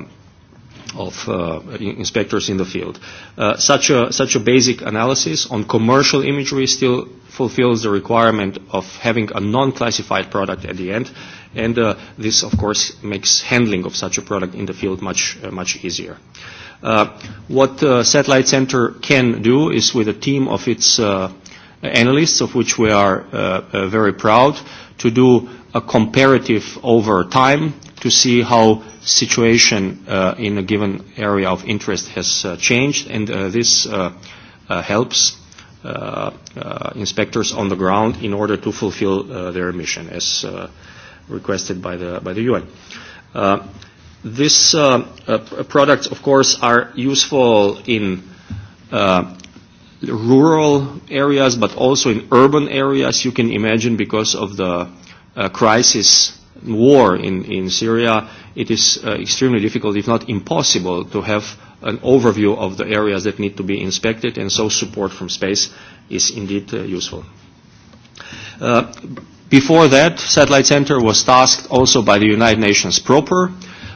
of uh, inspectors in the field. Uh, such, a, such a basic analysis on commercial imagery still fulfills the requirement of having a non-classified product at the end, and uh, this, of course, makes handling of such a product in the field much, uh, much easier. Uh, what uh, Satellite Center can do is with a team of its uh, analysts, of which we are uh, uh, very proud, to do a comparative over time to see how situation uh, in a given area of interest has uh, changed, and uh, this uh, uh, helps uh, uh, inspectors on the ground in order to fulfill uh, their mission as uh, requested by the, by the UN. Uh, these uh, uh, products, of course, are useful in uh, rural areas, but also in urban areas, you can imagine, because of the uh, crisis war in, in Syria, it is uh, extremely difficult, if not impossible, to have an overview of the areas that need to be inspected, and so support from space is indeed uh, useful. Uh, before that, Satellite Center was tasked also by the United Nations proper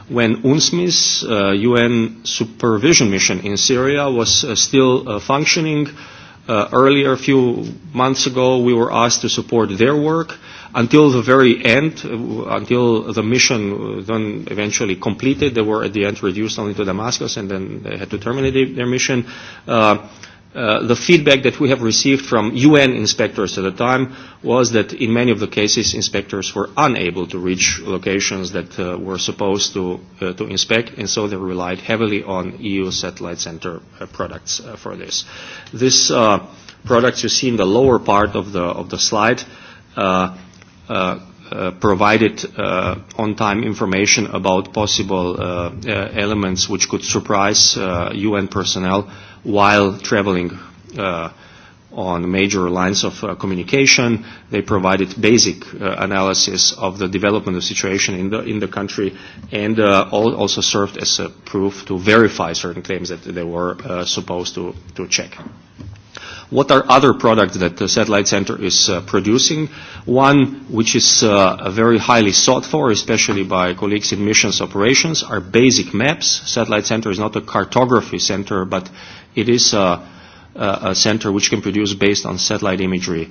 when UNSMIS, uh, UN supervision mission in Syria, was uh, still uh, functioning. Uh, Uh, earlier, a few months ago, we were asked to support their work. Until the very end, uh, until the mission uh, then eventually completed, they were at the end reduced only to Damascus and then they had to terminate their mission. Uh, Uh, the feedback that we have received from UN inspectors at the time was that in many of the cases inspectors were unable to reach locations that uh, were supposed to, uh, to inspect and so they relied heavily on EU satellite center uh, products uh, for this. This uh, products you see in the lower part of the, of the slide uh, uh, Uh, provided uh, on-time information about possible uh, uh, elements which could surprise uh, UN personnel uh, while traveling uh, on major lines of uh, communication. They provided basic uh, analysis of the development of situation in the in the country, and uh, all, also served as a proof to verify certain claims that they were uh, supposed to to check. What are other products that the Satellite Center is uh, producing? One which is uh, very highly sought for, especially by colleagues in missions operations, are basic maps. Satellite Center is not a cartography center, but It is a, a center which can produce based on satellite imagery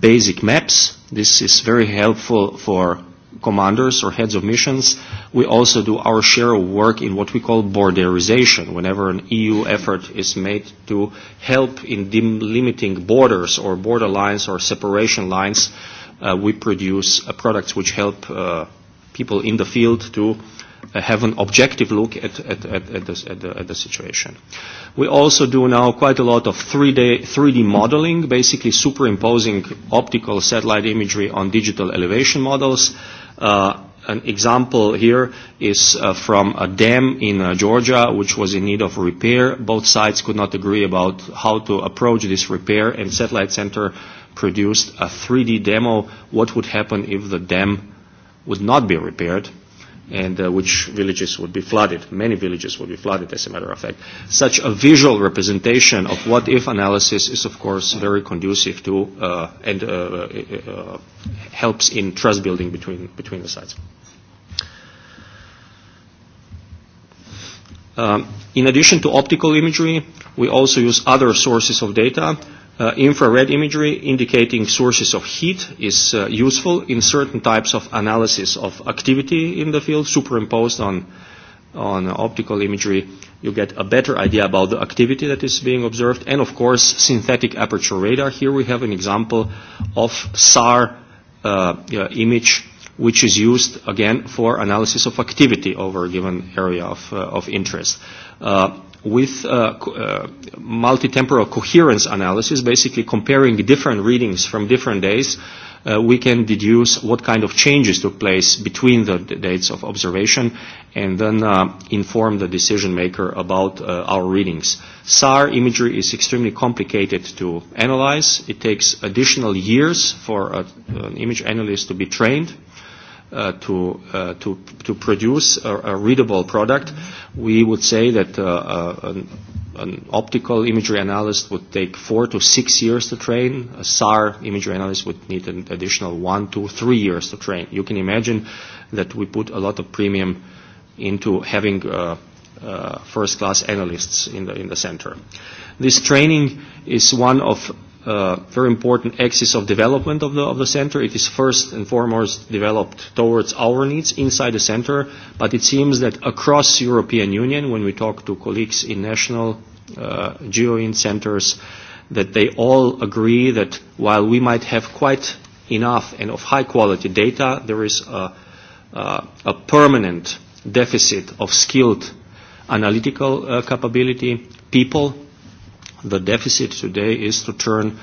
basic maps. This is very helpful for commanders or heads of missions. We also do our share of work in what we call borderization. Whenever an EU effort is made to help in dim- limiting borders or border lines or separation lines, uh, we produce uh, products which help uh, people in the field to uh, uh, have an objective look at, at, at, at, this, at, the, at the situation. We also do now quite a lot of 3D, 3D modeling, basically superimposing optical satellite imagery on digital elevation models. Uh, an example here is uh, from a dam in uh, Georgia which was in need of repair. Both sides could not agree about how to approach this repair and Satellite Center produced a 3D demo what would happen if the dam would not be repaired and uh, which villages would be flooded. Many villages would be flooded, as a matter of fact. Such a visual representation of what-if analysis is, of course, very conducive to uh, and uh, uh, helps in trust building between, between the sides. Um, in addition to optical imagery, we also use other sources of data Uh, infrared imagery indicating sources of heat is uh, useful in certain types of analysis of activity in the field superimposed on, on optical imagery. You get a better idea about the activity that is being observed. And of course, synthetic aperture radar. Here we have an example of SAR uh, uh, image which is used again for analysis of activity over a given area of, uh, of interest. Uh, with uh, uh, multi-temporal coherence analysis, basically comparing different readings from different days, uh, we can deduce what kind of changes took place between the dates of observation and then uh, inform the decision maker about uh, our readings. SAR imagery is extremely complicated to analyze. It takes additional years for a, an image analyst to be trained. Uh, uh, to, uh, to, to produce a, a readable product, we would say that uh, uh, an, an optical imagery analyst would take four to six years to train. A SAR imagery analyst would need an additional one to three years to train. You can imagine that we put a lot of premium into having uh, uh, first-class analysts in the, in the center. This training is one of uh, very important axis of development of the, of the center. It is first and foremost developed towards our needs inside the center, but it seems that across European Union, when we talk to colleagues in national uh, GeoIn centers, that they all agree that while we might have quite enough and of high quality data, there is a, uh, a permanent deficit of skilled analytical uh, capability, people the deficit today is to turn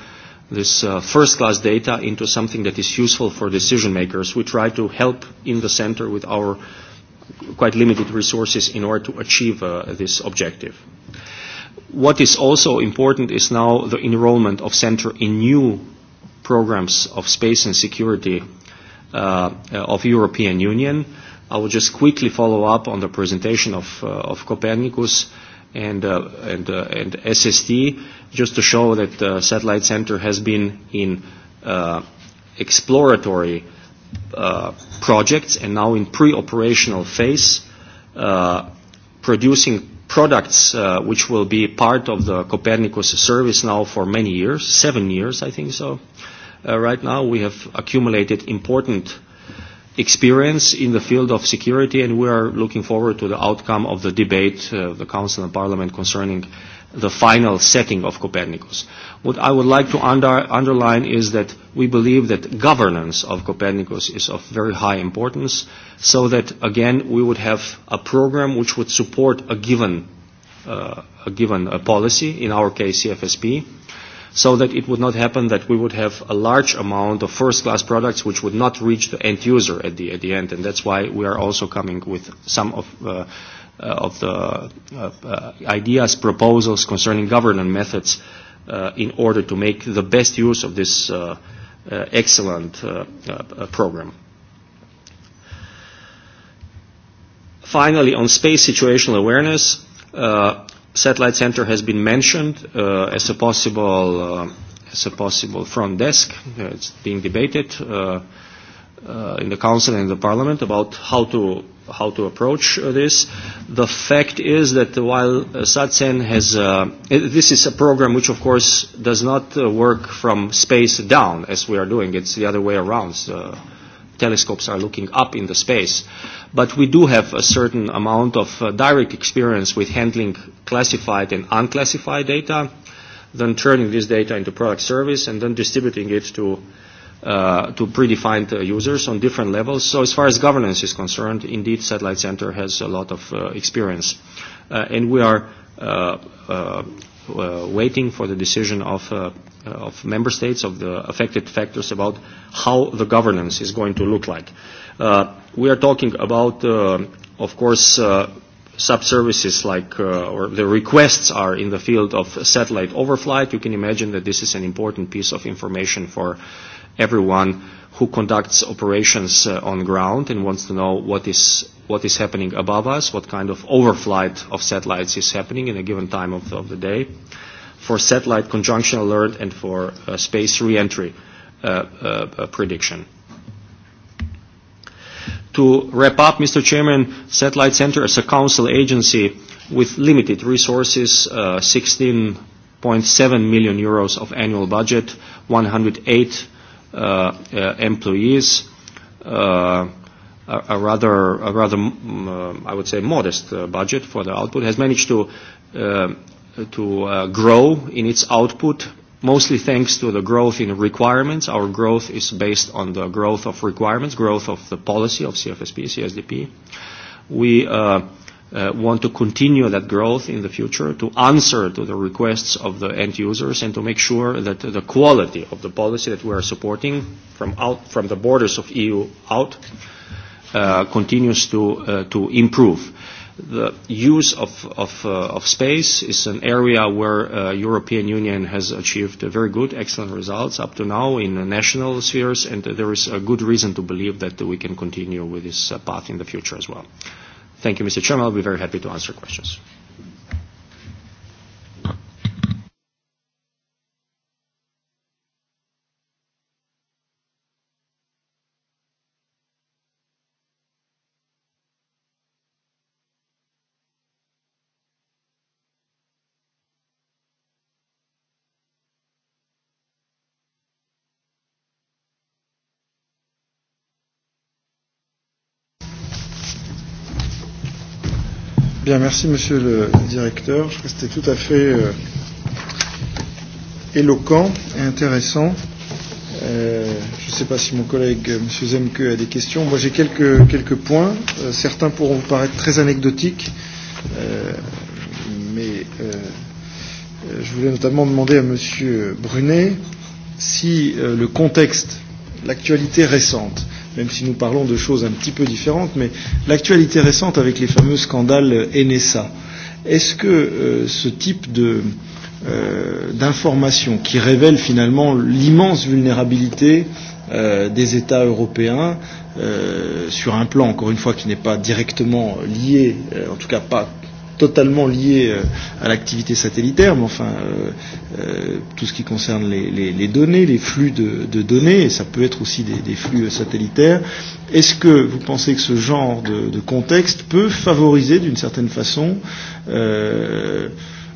this uh, first-class data into something that is useful for decision makers. We try to help in the center with our quite limited resources in order to achieve uh, this objective. What is also important is now the enrollment of center in new programs of space and security uh, uh of European Union. I will just quickly follow up on the presentation of, uh, of Copernicus. Uh, and, uh, and, uh, and SST, just to show that uh, Satellite Center has been in uh, exploratory uh, projects and now in pre-operational phase, uh, producing products uh, which will be part of the Copernicus service now for many years, seven years, I think so. Uh, right now, we have accumulated important uh, experience in the field of security, and we are looking forward to the outcome of the debate of uh, the Council and Parliament concerning the final setting of Copernicus. What I would like to under, underline is that we believe that governance of Copernicus is of very high importance, so that again we would have a program which would support a given, uh, a given uh, policy, in our case CFSP, so that it would not happen that we would have a large amount of first-class products which would not reach the end user at the, at the end. And that's why we are also coming with some of, uh, of the uh, uh, ideas, proposals concerning governance methods uh, in order to make the best use of this uh, uh, excellent uh, uh, program. Finally, on space situational awareness, uh, satellite center has been mentioned uh, as a possible uh, as a possible front desk. Uh, it's being debated uh, uh, in the council and in the parliament about how to how to approach uh, this. The fact is that while uh, SATSEN has, uh, it, this is a program which of course does not uh, work from space down as we are doing, it's the other way around. So, uh, telescopes are looking up in the space. But we do have a certain amount of uh, direct experience with handling classified and unclassified data, then turning this data into product service, and then distributing it to uh, to predefined uh, users on different levels. So as far as governance is concerned, indeed, Satellite Center has a lot of uh, experience. Uh, and we are uh, uh, uh, waiting for the decision of, uh, uh, of member states, of the affected factors about how the governance is going to look like. Uh, we are talking about, uh, of course, uh, sub-services like, uh, or the requests are in the field of satellite overflight. You can imagine that this is an important piece of information for everyone who conducts operations uh, on ground and wants to know what is what is happening above us, what kind of overflight of satellites is happening in a given time of, of the day, for satellite conjunction alert and for uh, space reentry uh, uh, prediction. To wrap up, Mr. Chairman, Satellite Center is a council agency with limited resources, uh, 16.7 million euros of annual budget, 108 uh, uh, employees, uh, a, a rather, a rather um, I would say, modest uh, budget for the output, has managed to, uh, to uh, grow in its output, mostly thanks to the growth in requirements. Our growth is based on the growth of requirements, growth of the policy of CFSP, CSDP. We uh, uh, want to continue that growth in the future, to answer to the requests of the end users, and to make sure that the quality of the policy that we are supporting from, out, from the borders of EU out uh, continues to, uh, to improve. The use of, of, uh, of space is an area where uh, European Union has achieved uh, very good, excellent results up to now in uh, national spheres, and uh, there is a good reason to believe that uh, we can continue with this uh, path in the future as well. Uh, Thank you, Mr. Chairman. I'll be very happy to answer questions. Bien, merci Monsieur le Directeur. Je crois que c'était tout à fait euh, éloquent et intéressant. Euh, je ne sais pas si mon collègue euh, M. Zemke a des questions. Moi, j'ai quelques, quelques points. Euh, certains pourront vous paraître très anecdotiques, euh, mais euh, euh je voulais notamment demander à M. Brunet si euh, le contexte, l'actualité récente, même si nous parlons de choses un petit peu différentes, mais l'actualité récente avec les fameux scandales NSA. Est-ce que euh, ce type de euh, d'informations qui révèlent finalement l'immense vulnérabilité euh, des États européens euh, sur un plan, encore une fois, qui n'est pas directement lié, euh, en tout cas pas totalement lié euh, à l'activité satellitaire, mais enfin, euh, euh, tout ce qui concerne les, les, les données, les flux de, de données, et ça peut être aussi des, des flux euh, satellitaires. Est-ce que vous pensez que ce genre de, de contexte peut favoriser d'une certaine façon euh,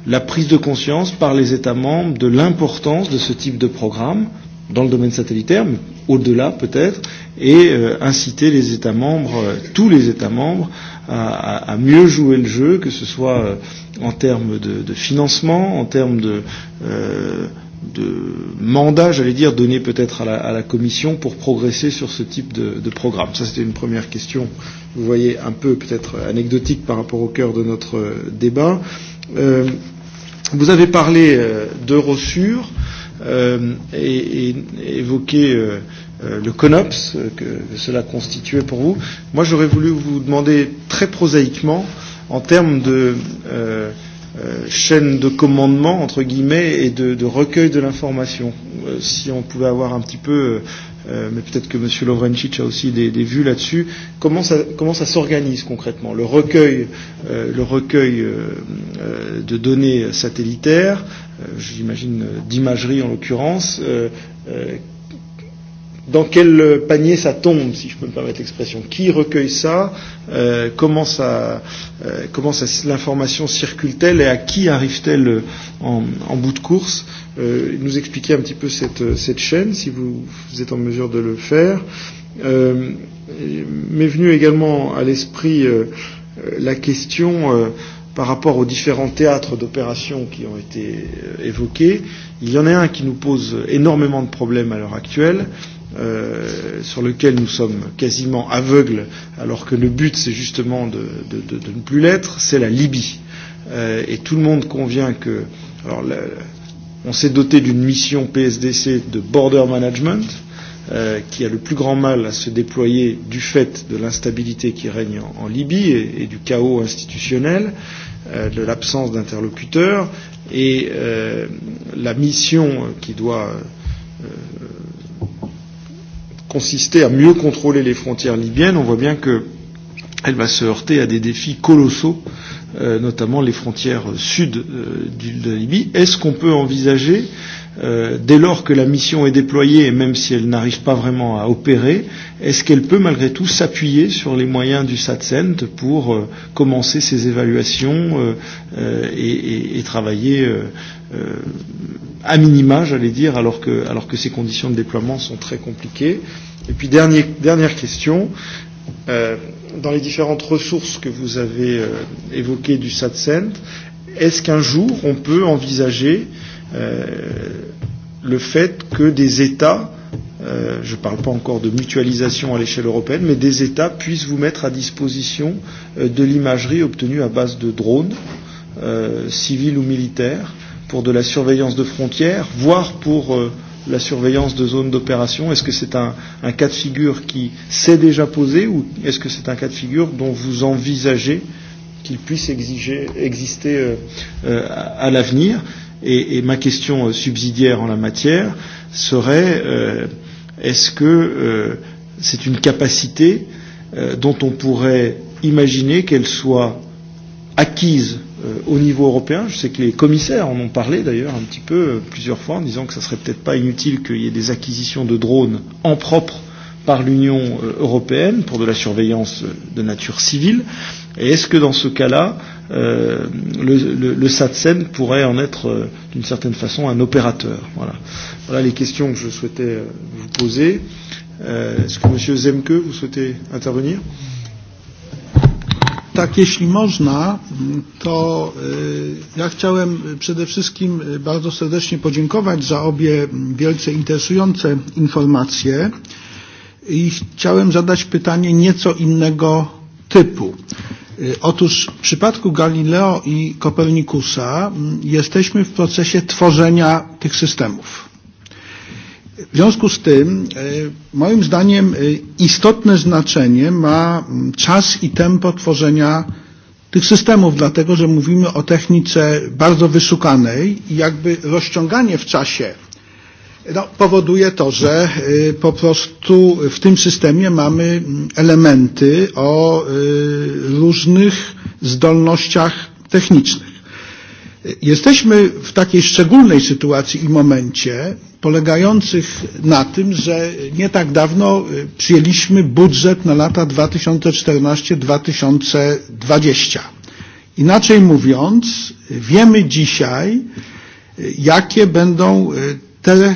la prise de conscience par les États membres de l'importance de ce type de programme dans le domaine satellitaire, mais au-delà peut-être, et euh, inciter les États membres, euh, tous les États membres, à, à mieux jouer le jeu, que ce soit euh, en termes de, de financement, en termes de, euh, de mandat, j'allais dire, donné peut-être à la, à la Commission pour progresser sur ce type de, de programme. Ça, c'était une première question, vous voyez, un peu peut-être anecdotique par rapport au cœur de notre euh, débat. Euh, vous avez parlé euh, d'Eurosur euh, et, et évoqué euh, euh, le CONOPS euh, que cela constituait pour vous. Moi, j'aurais voulu vous demander très prosaïquement, en termes de euh, euh, chaîne de commandement, entre guillemets, et de, de recueil de l'information, euh, si on pouvait avoir un petit peu, euh, euh mais peut-être que M. Lovrencic a aussi des, des vues là-dessus, comment ça, comment ça s'organise concrètement Le recueil, euh, le recueil euh, euh, de données satellitaires, euh, j'imagine d'imagerie en l'occurrence, euh, euh, dans quel euh, panier ça tombe, si je peux me permettre l'expression Qui recueille ça euh, Comment, ça, euh, comment ça, l'information circule-t-elle et à qui arrive-t-elle euh, en, en bout de course euh, Nous expliquer un petit peu cette, euh, cette chaîne, si vous, vous êtes en mesure de le faire. Euh, M'est venue également à l'esprit euh, la question euh, par rapport aux différents théâtres d'opération qui ont été euh, évoqués. Il y en a un qui nous pose énormément de problèmes à l'heure actuelle. Euh, euh, sur lequel nous sommes quasiment aveugles, alors que le but c'est justement de, de, de, de ne plus l'être, c'est la Libye. Euh, et tout le monde convient que. Alors, la, on s'est doté d'une mission PSDC de border management, euh, qui a le plus grand mal à se déployer du fait de l'instabilité qui règne en, en Libye et, et du chaos institutionnel, euh, de l'absence d'interlocuteurs. Et euh, la mission qui doit. Euh, consistait à mieux contrôler les frontières libyennes, on voit bien qu'elle va se heurter à des défis colossaux, euh, notamment les frontières sud euh, de la Libye. Est-ce qu'on peut envisager euh, Euh, dès lors que la mission est déployée, et même si elle n'arrive pas vraiment à opérer, est-ce qu'elle peut malgré tout s'appuyer sur les moyens du SATCENT pour euh, commencer ses évaluations euh, euh, et, et, et travailler euh, euh, à minima, j'allais dire, alors que, alors que ces conditions de déploiement sont très compliquées euh, Et puis dernier, dernière question. Euh, dans les différentes ressources que vous avez euh, évoquées du SATSENT, est-ce qu'un jour on peut envisager euh, le fait que des États, euh, je ne parle pas encore de mutualisation à l'échelle européenne, mais des États puissent vous mettre à disposition euh, de l'imagerie obtenue à base de drones, euh, civils ou militaires, pour de la surveillance de frontières, voire pour euh, la surveillance de zones d'opération Est-ce que c'est un, un cas de figure qui s'est déjà posé ou est-ce que c'est un cas de figure dont vous envisagez qu'il puisse exiger, exister euh, euh, à, à l'avenir et, et ma question euh, subsidiaire en la matière serait euh, est-ce que euh, c'est une capacité euh, dont on pourrait imaginer qu'elle soit acquise euh, au niveau européen. Je sais que les commissaires en ont parlé d'ailleurs un petit peu euh, plusieurs fois en disant que ça serait peut-être pas inutile qu'il y ait des acquisitions de drones en propre par l'Union euh, européenne pour de la surveillance euh, de nature civile. Et est-ce que dans ce cas-là, euh, le, le, le SATSEN pourrait en être euh, d'une certaine façon un opérateur voilà. voilà les questions que je souhaitais euh, vous poser. Euh, est-ce que Monsieur Zemke, vous souhaitez intervenir euh, Tak, jeśli można, to ja chciałem przede wszystkim bardzo serdecznie podziękować za obie wielce interesujące informacje i chciałem zadać pytanie nieco innego typu. Otóż w przypadku Galileo i Kopernikusa mm, jesteśmy w procesie tworzenia tych systemów. W związku z tym, e, moim zdaniem, e, istotne znaczenie ma mm, czas i tempo tworzenia tych systemów, dlatego że mówimy o technice bardzo wyszukanej i jakby rozciąganie w czasie no, powoduje to, że e, po prostu w tym systemie mamy mm, elementy o różnych zdolnościach technicznych. Jesteśmy w takiej szczególnej sytuacji i momencie, polegających na tym, że nie tak dawno przyjęliśmy budżet na lata 2014-2020. Inaczej mówiąc, wiemy dzisiaj, jakie będą te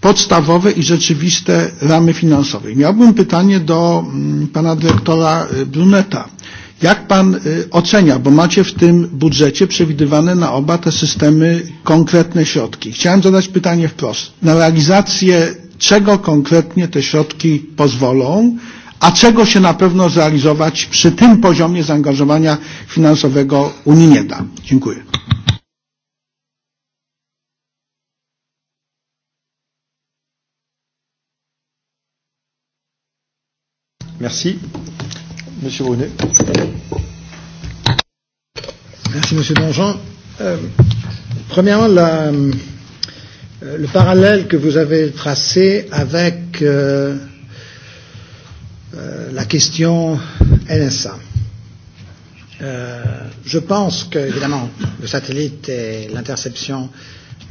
podstawowe i rzeczywiste ramy finansowe. Miałbym pytanie do mm, pana dyrektora Bruneta. Jak pan y, ocenia, bo macie w tym budżecie przewidywane na oba te systemy konkretne środki. Chciałem zadać pytanie wprost. Na realizację czego konkretnie te środki pozwolą, a czego się na pewno zrealizować przy tym poziomie zaangażowania finansowego Unii nie da? Dziękuję. Merci. Monsieur Brunet. Merci, Monsieur Donjon. Euh, premièrement, la, euh, le parallèle que vous avez tracé avec euh, euh, la question NSA. Euh, je pense que, évidemment, le satellite et l'interception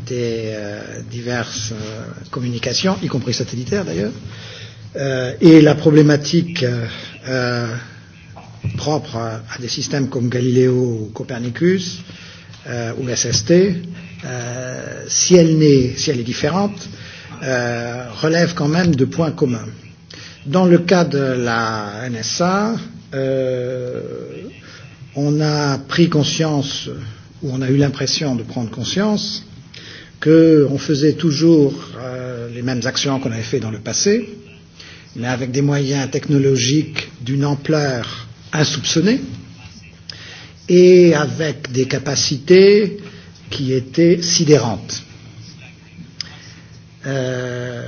des euh, diverses euh, communications, y compris satellitaires d'ailleurs, euh, et la problématique euh, euh, propre à, à des systèmes comme Galileo ou Copernicus euh, ou l'SST, euh, si, elle est, si elle est différente, euh, relève quand même de points communs. Dans le cas de la NSA, euh, on a pris conscience, ou on a eu l'impression de prendre conscience, qu'on faisait toujours euh, les mêmes actions qu'on avait fait dans le passé, mais avec des moyens technologiques d'une ampleur insoupçonnées et avec des capacités qui étaient sidérantes. Euh,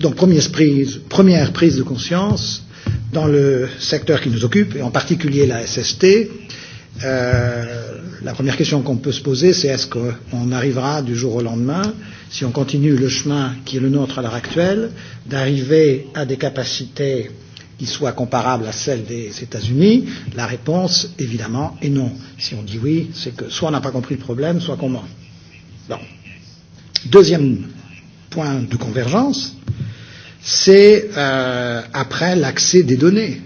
donc première prise, première prise de conscience dans le secteur qui nous occupe, et en particulier la SST. Euh, la première question qu'on peut se poser, c'est est-ce qu'on arrivera du jour au lendemain, si on continue le chemin qui est le nôtre à l'heure actuelle, d'arriver à des capacités euh, qui soit comparable à celle des États-Unis La réponse, évidemment, est non. Si on dit oui, c'est que soit on n'a pas compris le problème, soit qu'on ment. Bon. Deuxième point de convergence, c'est euh, après l'accès des données.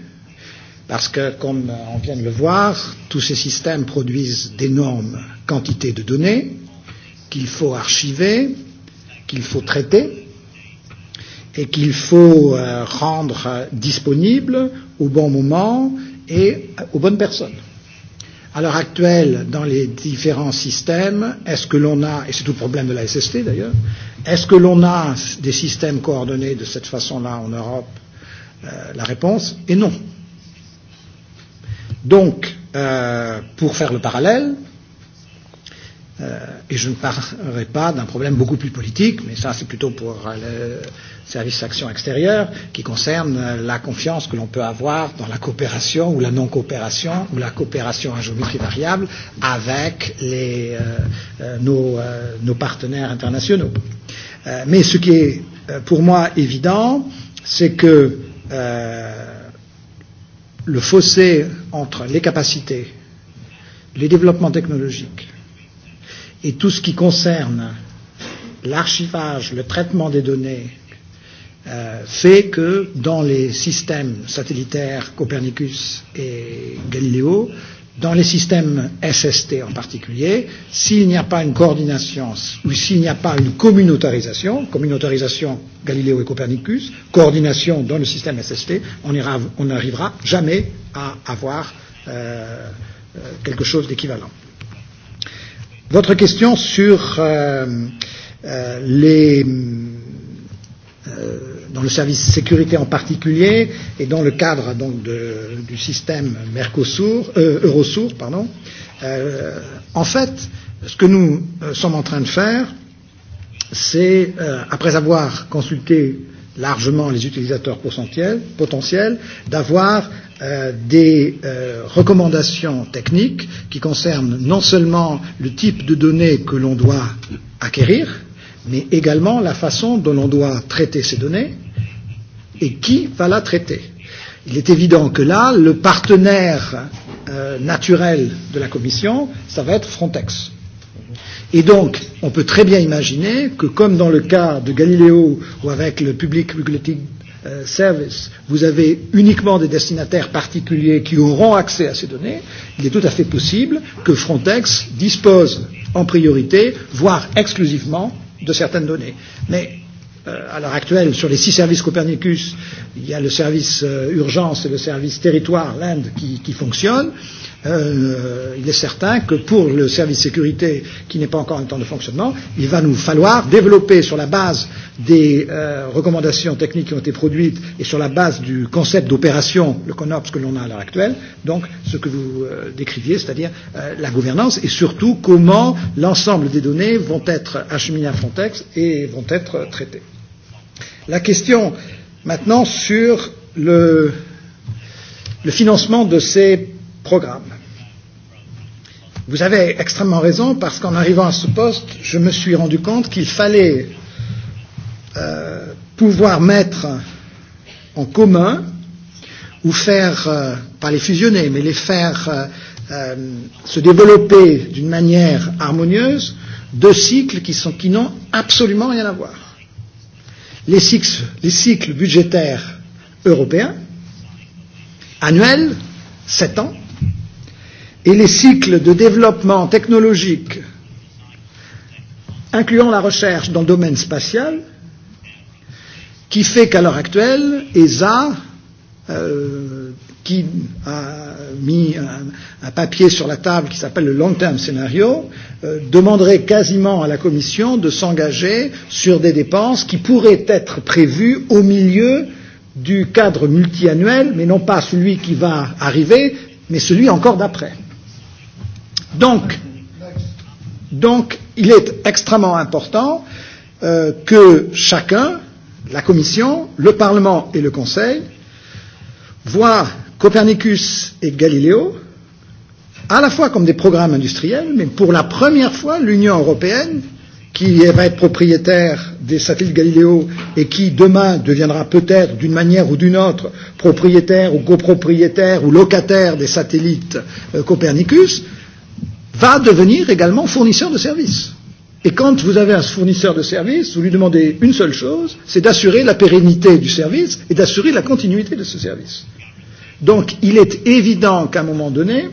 Parce que, comme on vient de le voir, tous ces systèmes produisent d'énormes quantités de données qu'il faut archiver, qu'il faut traiter, et qu'il faut euh, rendre disponible au bon moment et aux bonnes personnes. À l'heure actuelle, dans les différents systèmes, est-ce que l'on a, et c'est tout le problème de la SST d'ailleurs, est-ce que l'on a des systèmes coordonnés de cette façon-là en Europe euh, La réponse est non. Donc, euh, pour faire le parallèle, Euh, et je ne parlerai pas d'un problème beaucoup plus politique, mais ça c'est plutôt pour euh, le service d'action extérieure, qui concerne euh, la confiance que l'on peut avoir dans la coopération ou la non-coopération ou la coopération à géométrie variable avec les, euh, euh, nos, euh, nos partenaires internationaux. Euh, mais ce qui est euh, pour moi évident, c'est que euh, le fossé entre les capacités, les développements technologiques, et tout ce qui concerne l'archivage, le traitement des données, euh, fait que dans les systèmes satellitaires Copernicus et Galileo, dans les systèmes SST en particulier, s'il n'y a pas une coordination ou s'il n'y a pas une communautarisation, communautarisation Galiléo et Copernicus, coordination dans le système SST, on n'arrivera on arrivera jamais à avoir euh, euh quelque chose d'équivalent. Votre question sur euh, euh, les euh, dans le service sécurité en particulier et dans le cadre donc de, du système Mercosur, euh, Eurosur, pardon. Euh, en fait, ce que nous euh, sommes en train de faire, c'est euh, après avoir consulté largement les utilisateurs potentiels d'avoir euh, des euh, recommandations techniques qui concernent non seulement le type de données que l'on doit acquérir, mais également la façon dont l'on doit traiter ces données et qui va la traiter. Il est évident que là, le partenaire euh, naturel de la Commission, ça va être Frontex. Et donc, on peut très bien imaginer que, comme dans le cas de Galileo ou avec le Public Regulating euh, Service, vous avez uniquement des destinataires particuliers qui auront accès à ces données, il est tout à fait possible que Frontex dispose en priorité, voire exclusivement, de certaines données. Mais euh, à l'heure actuelle, sur les six services Copernicus, il y a le service euh, urgence et le service territoire, l'Inde, qui, qui fonctionnent euh, il est certain que pour le service sécurité qui n'est pas encore en temps de fonctionnement, il va nous falloir développer sur la base des euh, recommandations techniques qui ont été produites et sur la base du concept d'opération, le CONOPS que l'on a à l'heure actuelle, donc ce que vous euh, décriviez, c'est-à-dire euh, la gouvernance et surtout comment l'ensemble des données vont être acheminées à Frontex et vont être euh, traitées. La question maintenant sur le, le financement de ces programme. Vous avez extrêmement raison parce qu'en arrivant à ce poste, je me suis rendu compte qu'il fallait euh, pouvoir mettre en commun ou faire, euh, pas les fusionner, mais les faire euh, euh, se développer d'une manière harmonieuse deux cycles qui, sont, qui n'ont absolument rien à voir. Les cycles, les cycles budgétaires européens, annuels, 7 ans, et les cycles de développement technologique, incluant la recherche dans le domaine spatial, qui fait qu'à l'heure actuelle, ESA, euh, qui a mis un, un papier sur la table qui s'appelle le long term scénario, euh, demanderait quasiment à la Commission de s'engager sur des dépenses qui pourraient être prévues au milieu du cadre multiannuel, mais non pas celui qui va arriver, mais celui encore d'après. Donc, donc, il est extrêmement important euh, que chacun, la Commission, le Parlement et le Conseil, voient Copernicus et Galiléo à la fois comme des programmes industriels, mais pour la première fois, l'Union européenne, qui va être propriétaire des satellites Galiléo et qui demain deviendra peut-être d'une manière ou d'une autre propriétaire ou copropriétaire ou locataire des satellites euh, Copernicus, euh, va devenir également fournisseur de services. Et quand vous avez un fournisseur de services, vous lui demandez une seule chose, c'est d'assurer la pérennité du service et d'assurer la continuité de ce service. Donc il est évident qu'à un moment donné,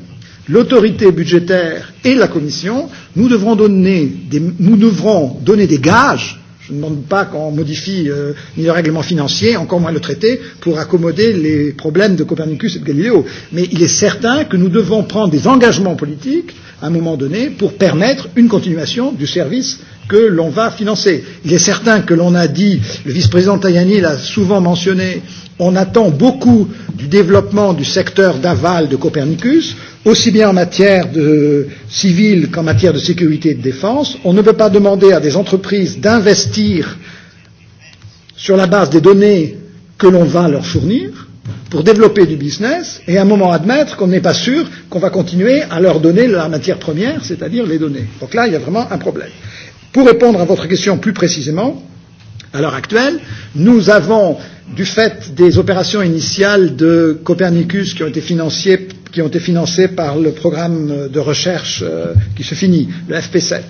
l'autorité budgétaire et la Commission, nous devrons donner des, nous devrons donner des gages Je ne demande pas qu'on modifie euh, ni le règlement financier, encore moins le traité, pour accommoder les problèmes de Copernicus et de Galiléo. Mais il est certain que nous devons prendre des engagements politiques à un moment donné pour permettre une continuation du service que l'on va financer. Il est certain que l'on a dit, le vice-président Tajani l'a souvent mentionné, on attend beaucoup du développement du secteur d'aval de Copernicus, aussi bien en matière de civile qu'en matière de sécurité et de défense. On ne peut pas demander à des entreprises d'investir sur la base des données que l'on va leur fournir pour développer du business et à un moment admettre qu'on n'est pas sûr qu'on va continuer à leur donner la matière première, c'est-à-dire les données. Donc là, il y a vraiment un problème. Pour répondre à votre question plus précisément, à l'heure actuelle, nous avons, du fait des opérations initiales de Copernicus qui ont été financées, qui ont été financées par le programme de recherche euh, qui se finit, le FP7,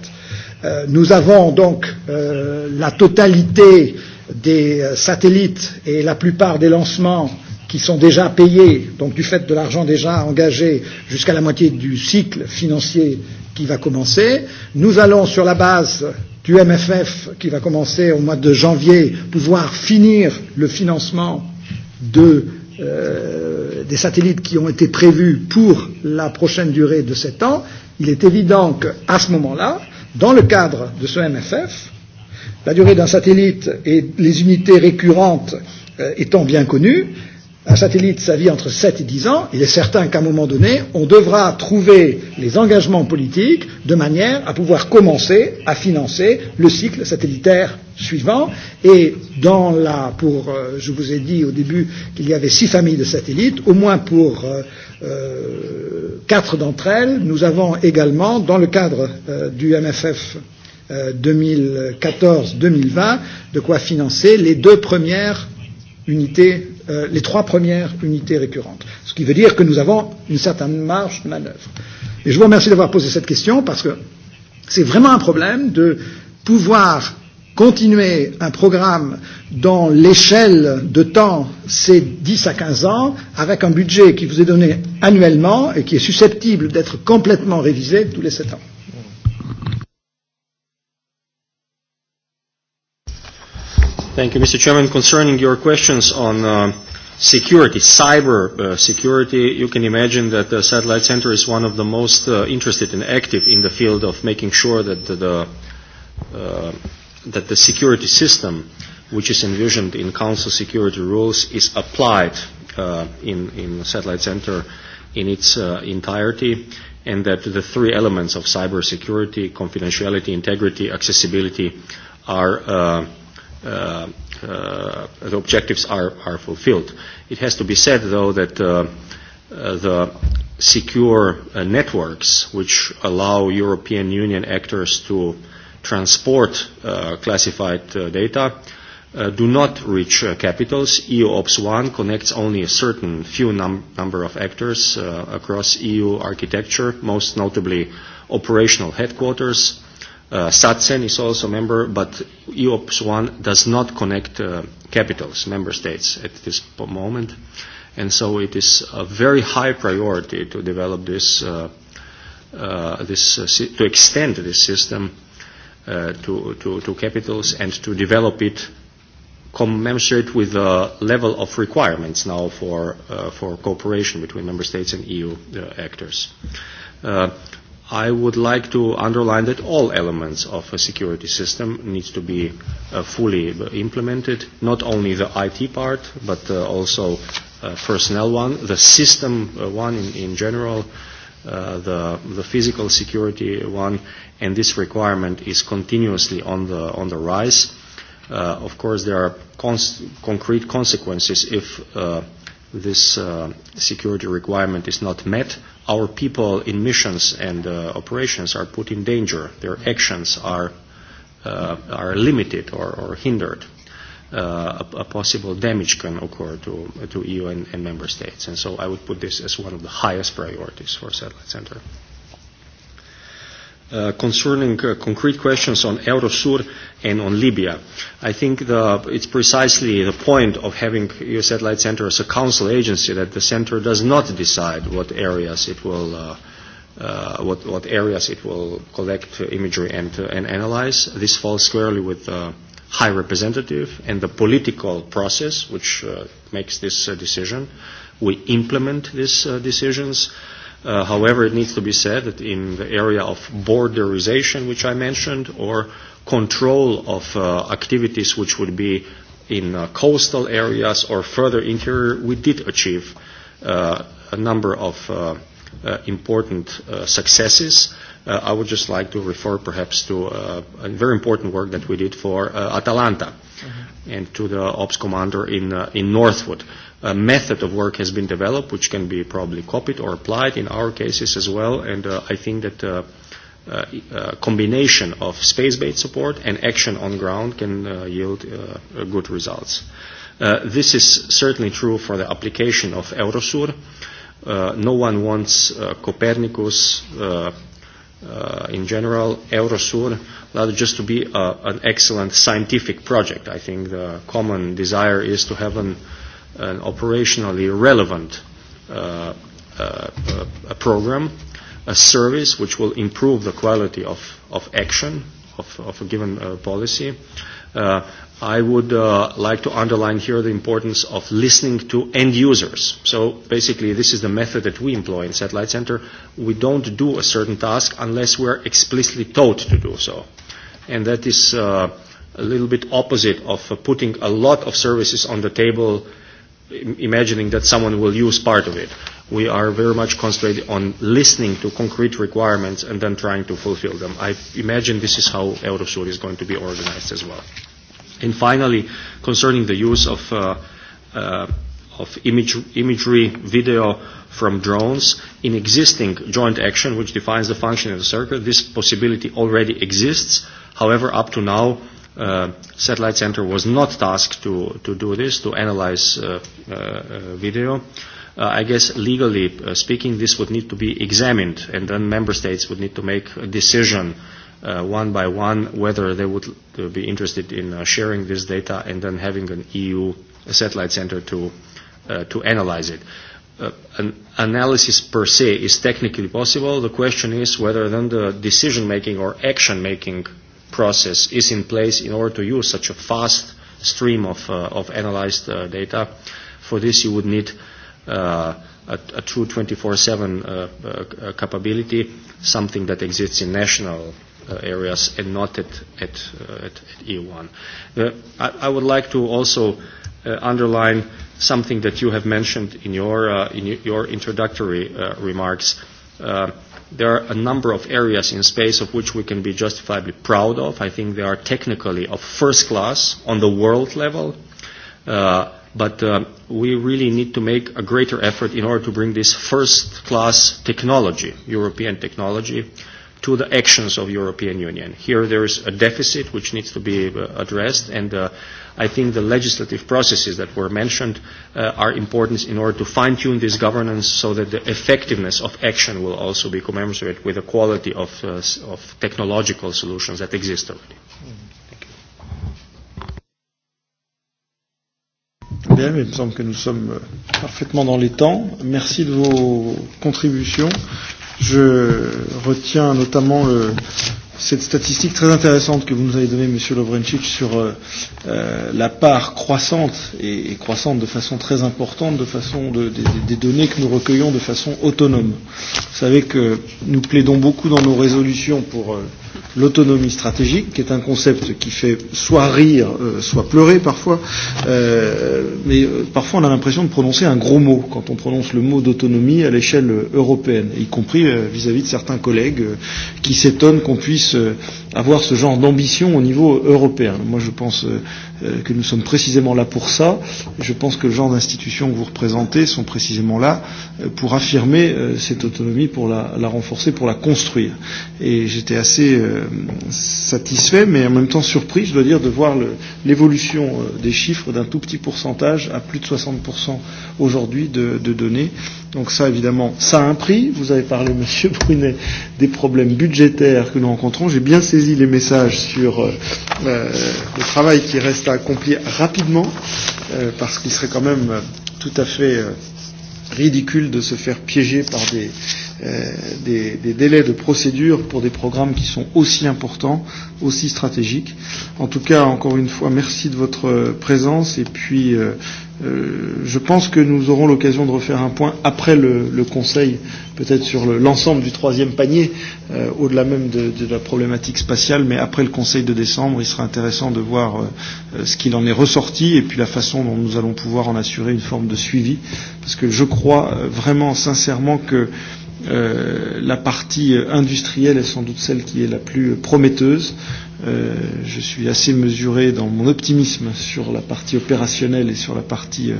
euh, nous avons donc euh, la totalité des euh, satellites et la plupart des lancements euh, qui sont déjà payés, donc du fait de l'argent déjà engagé jusqu'à la moitié du cycle financier qui va commencer. Nous allons, sur la base du MFF qui va commencer au mois de janvier, pouvoir finir le financement de, euh, des satellites qui ont été prévus pour la prochaine durée de sept ans. Il est évident qu'à ce moment-là, dans le cadre de ce MFF, la durée d'un satellite et les unités récurrentes euh, étant bien connues, un satellite, ça vit entre 7 et 10 ans. Il est certain qu'à un moment donné, on devra trouver les engagements politiques de manière à pouvoir commencer à financer le cycle satellitaire suivant. Et dans la, pour, euh, je vous ai dit au début qu'il y avait six familles de satellites, au moins pour euh, euh, quatre d'entre elles, nous avons également, dans le cadre euh, du MFF 2014-2020, euh, de quoi financer les deux premières unités euh, les trois premières unités récurrentes, ce qui veut dire que nous avons une certaine marge de manœuvre. Et je vous remercie d'avoir posé cette question parce que c'est vraiment un problème de pouvoir continuer un programme dans l'échelle de temps, c'est 10 à 15 ans, avec un budget qui vous est donné annuellement et qui est susceptible d'être complètement révisé tous les 7 ans. Thank you, Mr. Chairman. Concerning your questions on uh, security, cyber uh, security, you can imagine that the Satellite Center is one of the most uh, interested and active in the field of making sure that the, the, uh, that the security system which is envisioned in Council security rules is applied uh, in, in Satellite Center in its uh, entirety and that the three elements of cybersecurity, confidentiality, integrity, accessibility are uh, uh, uh, the objectives are, are fulfilled. It has to be said, though, that uh, uh, the secure uh, networks which allow European Union actors to transport uh, classified uh, data uh, do not reach uh, capitals. EU Ops 1 connects only a certain few num- number of actors uh, across EU architecture, most notably operational headquarters, Uh, SATSEN is also a member, but EOPS 1 does not connect uh, capitals, member states, at this moment. And so it is a very high priority to develop this, uh, uh, this uh, si- to extend this system uh, to, to, to capitals and to develop it commensurate with the level of requirements now for, uh, for cooperation between member states and EU uh, actors. Uh, I would like to underline that all elements of a security system need to be uh, fully implemented, not only the IT part, but uh, also uh, personnel one, the system uh, one in, in general, uh, the, the physical security one, and this requirement is continuously on the, on the rise. Uh, of course, there are cons- concrete consequences if uh, this uh, security requirement is not met, our people in missions and uh, operations are put in danger. Their actions are, uh, are limited or, or hindered. Uh, a, a possible damage can occur to, to EU and, and member states. And so I would put this as one of the highest priorities for Satellite Center. Uh, concerning uh, concrete questions on Eurosur and on Libya. I think the, it's precisely the point of having EU Satellite Center as a council agency that the center does not decide what areas it will uh, uh, what, what areas it will collect uh, imagery and, uh, and analyze. This falls squarely with uh, High Representative and the political process which uh, makes this uh, decision. We implement these uh, decisions. Uh, Uh, however, it needs to be said that in the area of borderization, which I mentioned, or control of uh, activities which would be in uh, coastal areas or further interior, we did achieve uh, a number of uh, uh, important uh, successes. Uh, I would just like to refer perhaps to uh, a very important work that we did for uh, Atalanta mm-hmm. and to the ops commander in, uh, in Northwood. Uh, a method of work has been developed, which can be probably copied or applied in our cases as well. And uh, I think that uh, uh, uh, combination of space-based support and action on ground can uh, yield uh, good results. Uh, this is certainly true for the application of Eurosur. Uh, no one wants uh, Copernicus uh, uh, in general, Eurosur, rather just to be uh, an excellent scientific project. I think the common desire is to have an uh, an operationally relevant uh, uh, a program, a service which will improve the quality of, of action of, of a given uh, policy. Uh, I would uh, like to underline here the importance of listening to end users. So basically, this is the method that we employ in Satellite Center. We don't do a certain task unless we're explicitly told to do so. And that is uh, a little bit opposite of uh, putting a lot of services on the table uh, imagining that someone will use part of it. We are very much concentrated on listening to concrete requirements and then trying to fulfill them. I imagine this is how Eurosur is going to be organized as well. And finally, concerning the use of, uh, uh, of image, imagery, video from drones, in existing joint action, which defines the function of the circuit, this possibility already exists. However, up to now, uh, satellite center was not tasked to, to do this, to analyze uh, uh, uh, video. Uh, I guess legally uh, speaking, this would need to be examined, and then member states would need to make a decision uh, one by one whether they would uh, be interested in uh, sharing this data and then having an EU satellite center to, uh, to analyze it. Uh, an analysis per se is technically possible. The question is whether then the decision making or action making uh, process is in place in order to use such a fast stream of, uh, of analyzed uh, data. For this, you would need uh, a, a true 24-7 uh, uh, capability, something that exists in national uh, areas and not at, at, uh, at, at EU1. Uh, I, I would like to also uh, underline something that you have mentioned in your, uh, in your introductory uh, remarks. Uh, there are a number of areas in space of which we can be justifiably proud of. I think they are technically of first class on the world level. Uh, but uh, we really need to make a greater effort in order to bring this first class technology, European technology, uh, to the actions of European Union. Here there is a deficit which needs to be uh, addressed, and uh, I think the legislative processes that were mentioned uh, are important in order to fine-tune this governance so that the effectiveness of action will also be commensurate with the quality of, uh, of technological solutions that exist already. Bien, il me semble que nous sommes euh, parfaitement dans les temps. Merci de vos contributions. Je retiens notamment le, cette statistique très intéressante que vous nous avez donnée, Monsieur Lovrencic, sur euh, euh, la part croissante et, et croissante de façon très importante, de façon de, des, des données que nous recueillons de façon autonome. Vous savez que nous plaidons beaucoup dans nos résolutions pour euh, l'autonomie stratégique, qui est un concept qui fait soit rire, euh, soit pleurer parfois, euh, mais euh, parfois on a l'impression de prononcer un gros mot quand on prononce le mot d'autonomie à l'échelle euh, européenne, y compris euh, vis-à-vis euh, -vis de certains collègues euh, qui s'étonnent qu'on puisse puisse euh, avoir ce genre d'ambition au niveau européen. Moi, je pense euh, euh que nous sommes précisément là pour ça. Je pense que le genre d'institutions que vous représentez sont précisément là euh, pour affirmer euh, cette autonomie, pour la, la renforcer, pour la construire. Et j'étais assez euh, satisfait, mais en même temps surpris, je dois dire, de voir l'évolution euh, des chiffres d'un tout petit pourcentage à plus de 60% aujourd'hui de, de données. Donc ça, évidemment, ça a un prix. Vous avez parlé, <laughs> Monsieur Brunet, des problèmes budgétaires que nous rencontrons. J'ai bien saisi saisi les messages sur euh, euh, le travail qui reste à accomplir rapidement, euh, parce qu'il serait quand même euh, tout à fait euh, ridicule de se faire piéger par des, euh, des, des délais de procédure pour des programmes qui sont aussi importants, aussi stratégiques. En tout cas, encore une fois, merci de votre présence et puis euh, Euh, je pense que nous aurons l'occasion de refaire un point après le, le Conseil, peut-être sur l'ensemble le, du troisième panier, euh, au-delà même de, de la problématique spatiale, mais après le Conseil de décembre, il sera intéressant de voir euh, euh, ce qu'il en est ressorti et puis la façon dont nous allons pouvoir en assurer une forme de suivi, parce que je crois euh, vraiment sincèrement que euh, Euh, la partie industrielle est sans doute celle qui est la plus prometteuse. Euh, je suis assez mesuré dans mon optimisme sur la partie opérationnelle et sur la partie euh,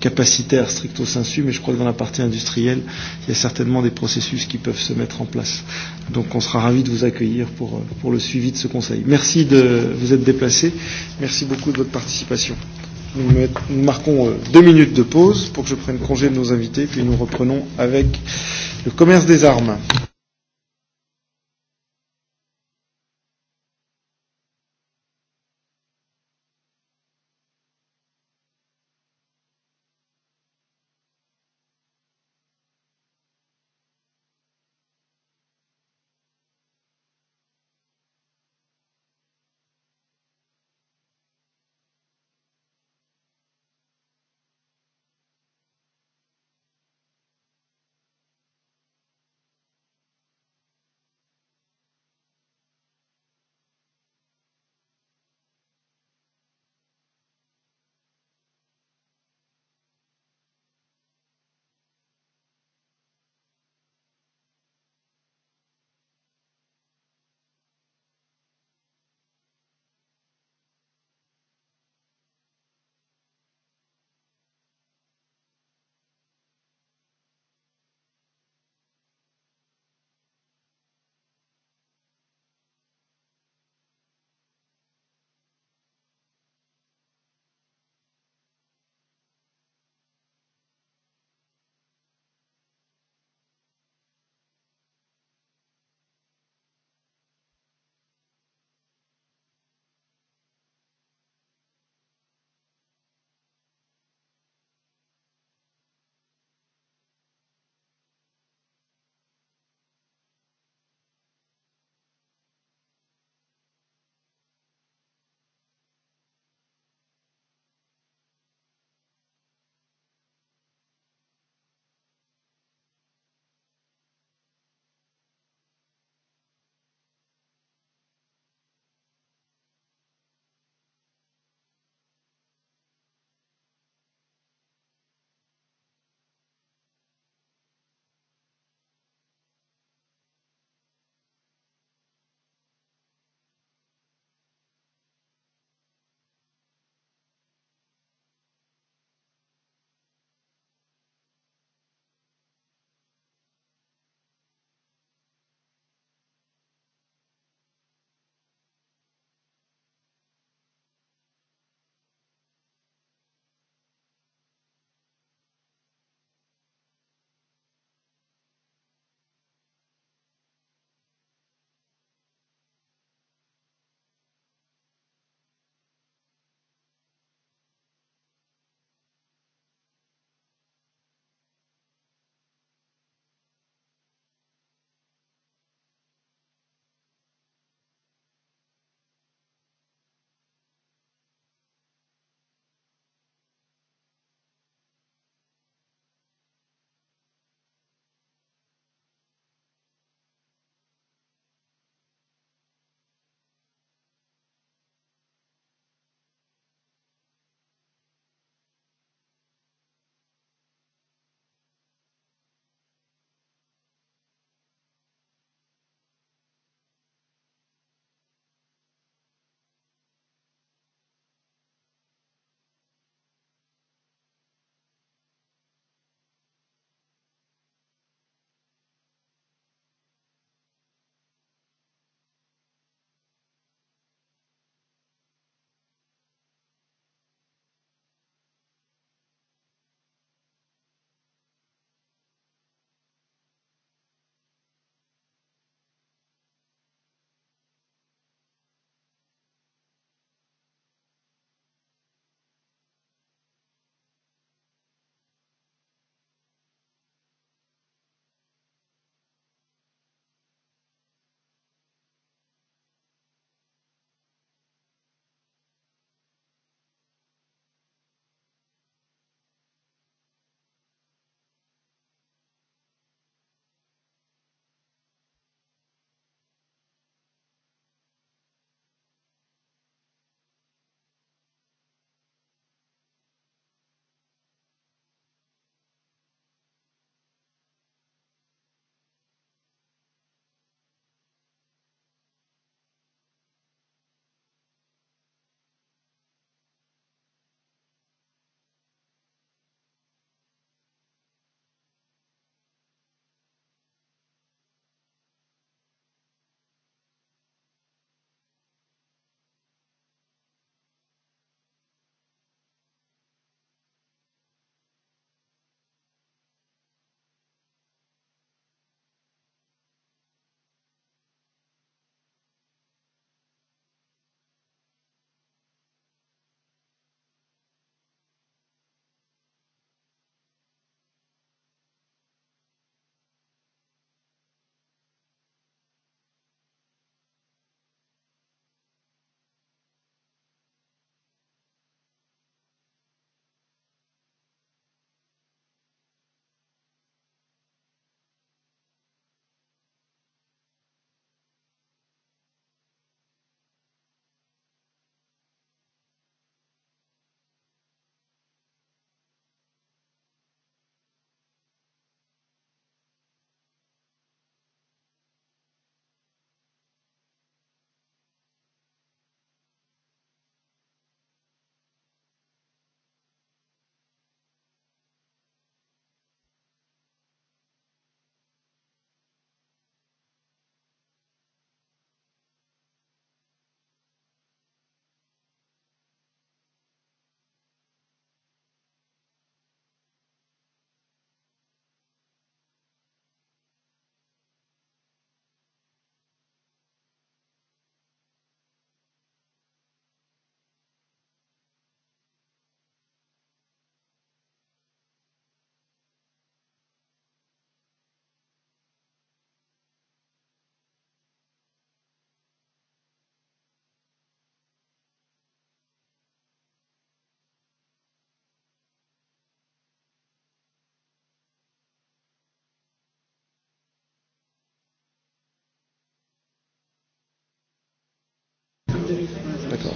capacitaire stricto sensu, mais je crois que dans la partie industrielle, il y a certainement des processus qui peuvent se mettre en place. Donc on sera ravi de vous accueillir pour, euh, pour le suivi de ce conseil. Merci de vous être déplacé. Merci beaucoup de votre participation. Nous, met, nous marquons euh, deux minutes de pause pour que je prenne congé de nos invités, puis nous reprenons avec euh, Le commerce des armes.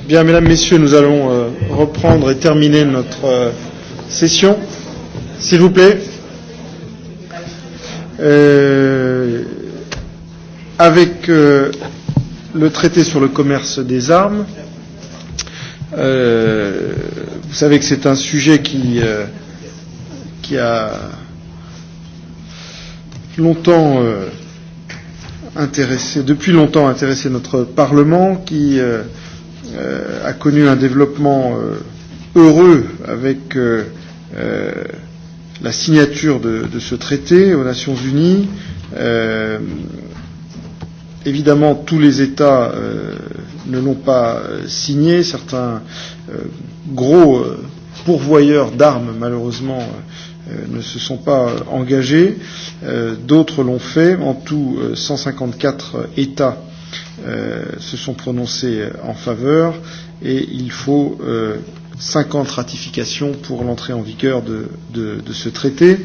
Bien, mesdames, messieurs, nous allons euh, reprendre et terminer notre euh, session. S'il vous plaît. Euh, avec euh, le traité sur le commerce des armes, euh, vous savez que c'est un sujet qui, euh, qui a longtemps euh, intéressé, depuis longtemps intéressé notre Parlement, qui euh, euh, a connu un développement euh, heureux avec euh, euh, la signature de, de ce traité aux Nations Unies. Euh, évidemment, tous les États euh, ne l'ont pas euh, signé. Certains euh, gros euh, pourvoyeurs d'armes, malheureusement, euh, ne se sont pas euh, engagés. Euh, D'autres l'ont fait. En tout, euh, 154 euh, États euh, euh, se sont prononcés en faveur et il faut euh, 50 ratifications pour l'entrée en vigueur de, de, de ce traité.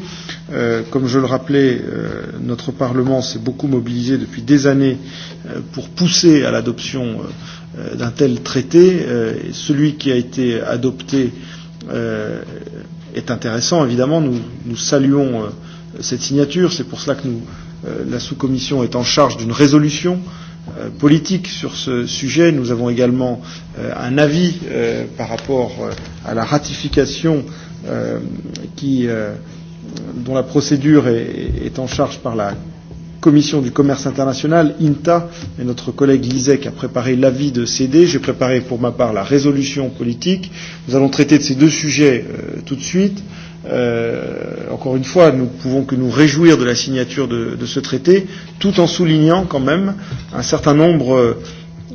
Euh, comme je le rappelais, euh, notre Parlement s'est beaucoup mobilisé depuis des années euh, pour pousser à l'adoption euh, d'un tel traité. Euh, celui qui a été adopté euh, est intéressant, évidemment. Nous, nous saluons euh, cette signature. C'est pour cela que nous, euh, la sous-commission est en charge d'une résolution euh, euh, politique sur ce sujet. Nous avons également euh, un avis euh, par rapport euh, à la ratification euh, qui, euh, dont la procédure est, est en charge par la Commission du commerce international, INTA, et notre collègue Lisek a préparé l'avis de CD. J'ai préparé pour ma part la résolution politique. Nous allons traiter de ces deux sujets euh, tout de suite. Euh, Euh, encore une fois, nous pouvons que nous réjouir de la signature de, de ce traité, tout en soulignant quand même un certain nombre euh,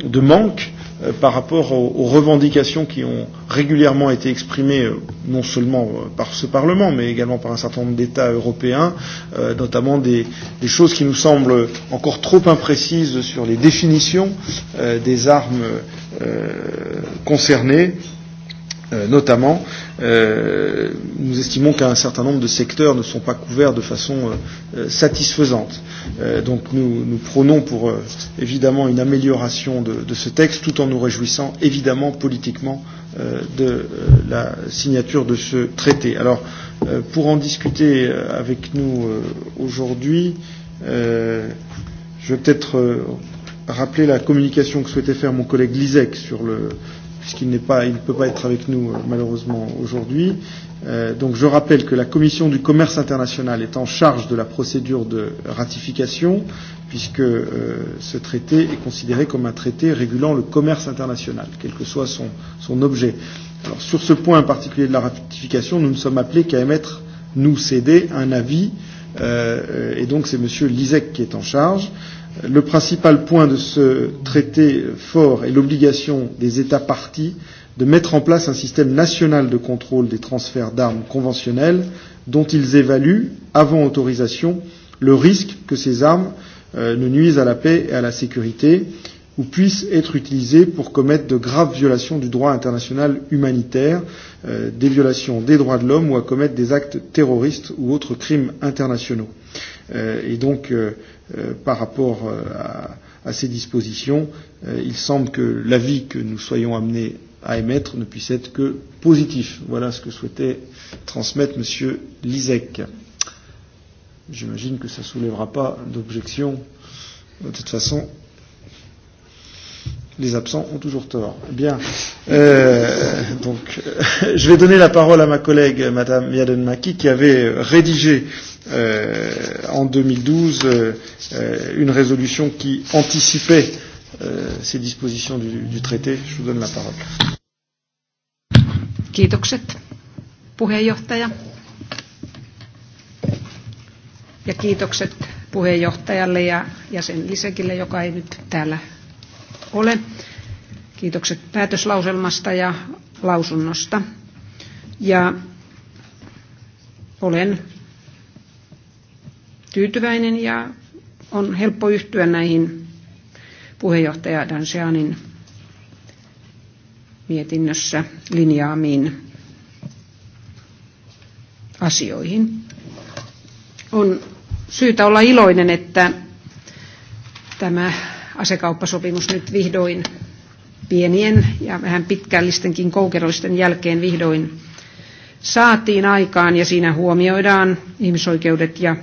de manques euh, par rapport aux, aux revendications qui ont régulièrement été exprimées, euh, non seulement euh, par ce Parlement, mais également par un certain nombre d'États européens, euh, notamment des, des choses qui nous semblent encore trop imprécises sur les définitions euh, des armes euh, concernées. Euh, Euh, notamment, euh, nous estimons qu'un certain nombre de secteurs ne sont pas couverts de façon euh, euh, satisfaisante. Euh, donc nous, nous prônons pour euh, évidemment une amélioration de, de ce texte tout en nous réjouissant évidemment politiquement euh, de euh, la signature de ce traité. Alors euh, pour en discuter euh, avec nous euh, aujourd'hui, euh, je vais peut-être euh, rappeler la communication que souhaitait faire mon collègue Lisek sur le puisqu'il n'est pas, il ne peut pas être avec nous euh, malheureusement aujourd'hui. Euh, donc je rappelle que la Commission du commerce international est en charge de la procédure de ratification, puisque euh, ce traité est considéré comme un traité régulant le commerce international, quel que soit son, son objet. Alors sur ce point en particulier de la ratification, nous ne sommes appelés qu'à émettre, nous céder, un avis, euh, euh, et donc c'est M. Lisek qui est en charge. Euh, Le principal point de ce traité fort est l'obligation des États partis de mettre en place un système national de contrôle des transferts d'armes conventionnelles dont ils évaluent, avant autorisation, le risque que ces armes euh, ne nuisent à la paix et à la sécurité ou puissent être utilisées pour commettre de graves violations du droit international humanitaire, euh, des violations des droits de l'homme ou à commettre des actes terroristes ou autres crimes internationaux. Euh, et donc, euh, euh, par rapport euh, à, à ces dispositions, euh, il semble que l'avis que nous soyons amenés à émettre ne puisse être que positif. Voilà ce que souhaitait transmettre M. Lisek. J'imagine que ça ne soulèvera pas d'objection euh, de toute façon les absents ont toujours tort. Bien. Euh, donc, euh, <laughs> je vais donner la parole à ma collègue, Madame Yadenmaki, qui avait rédigé euh, en 2012 euh, euh, une résolution qui anticipait euh, ces dispositions du, du traité. Je vous donne la parole. Kiitokset, puheenjohtaja. Ja kiitokset puheenjohtajalle ja jäsen Lisekille, joka ei nyt täällä ole. Kiitokset päätöslauselmasta ja lausunnosta. Ja olen tyytyväinen ja on helppo yhtyä näihin puheenjohtaja Danseanin mietinnössä linjaamiin asioihin. On syytä olla iloinen, että tämä asekauppasopimus nyt vihdoin pienien ja vähän pitkällistenkin koukeroisten jälkeen vihdoin saatiin aikaan ja siinä huomioidaan ihmisoikeudet ja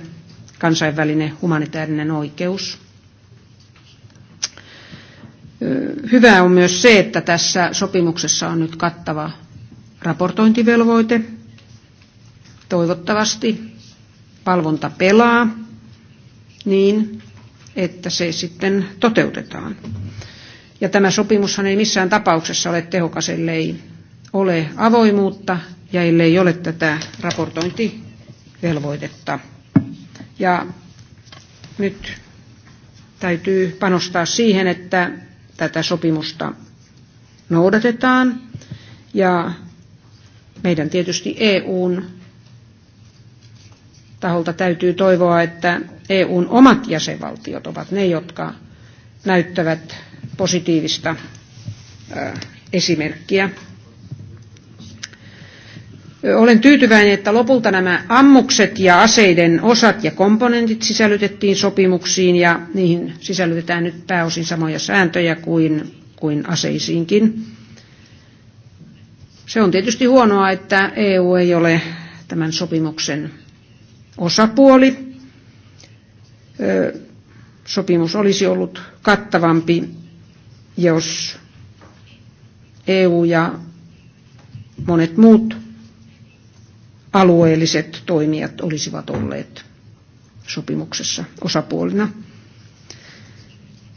kansainvälinen humanitaarinen oikeus. Hyvää on myös se, että tässä sopimuksessa on nyt kattava raportointivelvoite. Toivottavasti valvonta pelaa niin, että se sitten toteutetaan. Ja tämä sopimushan ei missään tapauksessa ole tehokas, ellei ole avoimuutta ja ellei ole tätä raportointivelvoitetta. Ja nyt täytyy panostaa siihen, että tätä sopimusta noudatetaan ja meidän tietysti EUn taholta täytyy toivoa, että EUn omat jäsenvaltiot ovat ne, jotka näyttävät positiivista esimerkkiä. Olen tyytyväinen, että lopulta nämä ammukset ja aseiden osat ja komponentit sisällytettiin sopimuksiin ja niihin sisällytetään nyt pääosin samoja sääntöjä kuin, kuin aseisiinkin. Se on tietysti huonoa, että EU ei ole tämän sopimuksen osapuoli. Sopimus olisi ollut kattavampi, jos EU ja monet muut alueelliset toimijat olisivat olleet sopimuksessa osapuolina.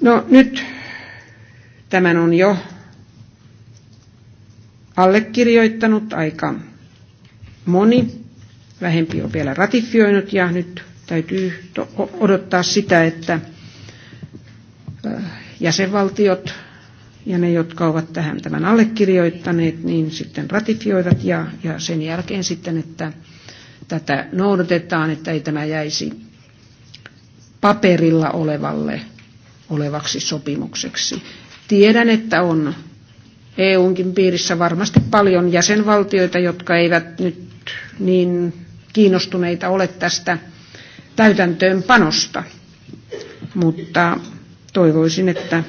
No nyt tämän on jo allekirjoittanut aika moni vähempi on vielä ratifioinut ja nyt täytyy odottaa sitä, että jäsenvaltiot ja ne, jotka ovat tähän tämän allekirjoittaneet, niin sitten ratifioivat ja, ja sen jälkeen sitten, että tätä noudatetaan, että ei tämä jäisi paperilla olevalle olevaksi sopimukseksi. Tiedän, että on EUnkin piirissä varmasti paljon jäsenvaltioita, jotka eivät nyt niin kiinnostuneita ole tästä täytäntöönpanosta. Mutta toivoisin, että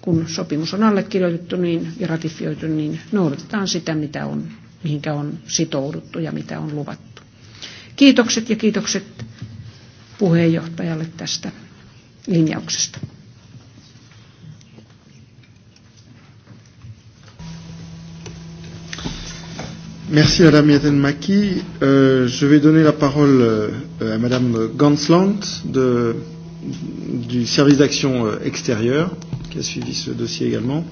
kun sopimus on allekirjoitettu niin, ja ratifioitu, niin noudatetaan sitä, mitä on, mihinkä on sitouduttu ja mitä on luvattu. Kiitokset ja kiitokset puheenjohtajalle tästä linjauksesta. Merci Madame Yatenmaki. Euh, je vais donner la parole euh, à Madame Gansland de, du service d'action euh, extérieure qui a suivi ce dossier également.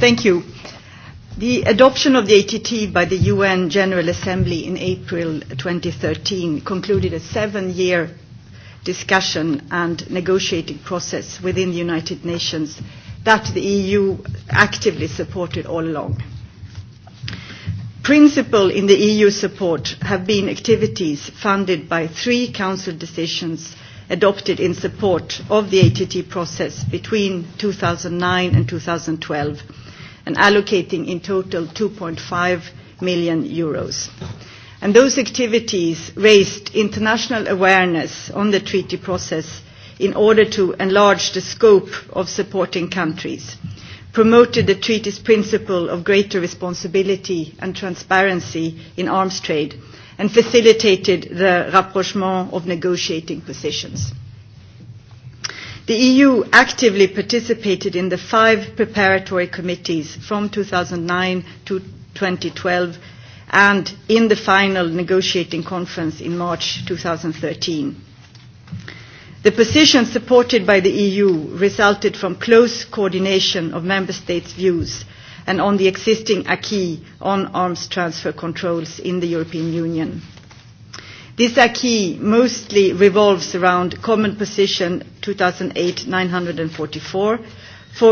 Thank you. The adoption of the ATT by the UN General Assembly in April 2013 concluded a seven-year discussion and negotiating process within the United Nations that the EU actively supported all along. Principal in the EU support have been activities funded by three Council decisions adopted in support of the ATT process between 2009 and 2012 and allocating in total 2.5 million euros. And those activities raised international awareness on the treaty process in order to enlarge the scope of supporting countries, promoted the treaty's principle of greater responsibility and transparency in arms trade, and facilitated the rapprochement of negotiating positions. The EU actively participated in the five preparatory committees from 2009 to 2012 and in the final negotiating conference in March 2013. The position supported by the EU resulted from close coordination of member states' views and on the existing acquis on arms transfer controls in the European Union. This acquis mostly revolves around Common Position 2008-944, for,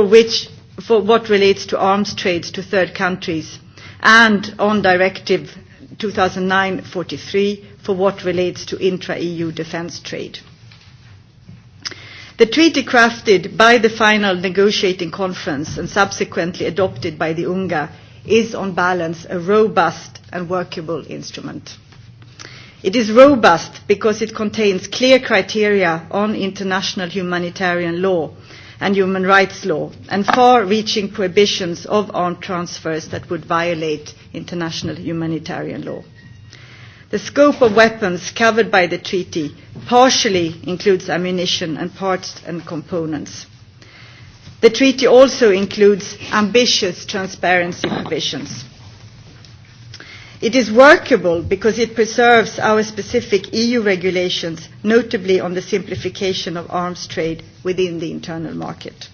which, for what relates to arms trades to third countries, and on Directive 2009-43 for what relates to intra-EU defence trade. The treaty crafted by the final negotiating conference and subsequently adopted by the UNGA is on balance a robust and workable instrument. It is robust because it contains clear criteria on international humanitarian law and human rights law and far-reaching prohibitions of armed transfers that would violate international humanitarian law. The scope of weapons covered by the treaty partially includes ammunition and parts and components. The treaty also includes ambitious transparency provisions. It is workable because it preserves our specific EU regulations, notably on the simplification of arms trade within the internal market.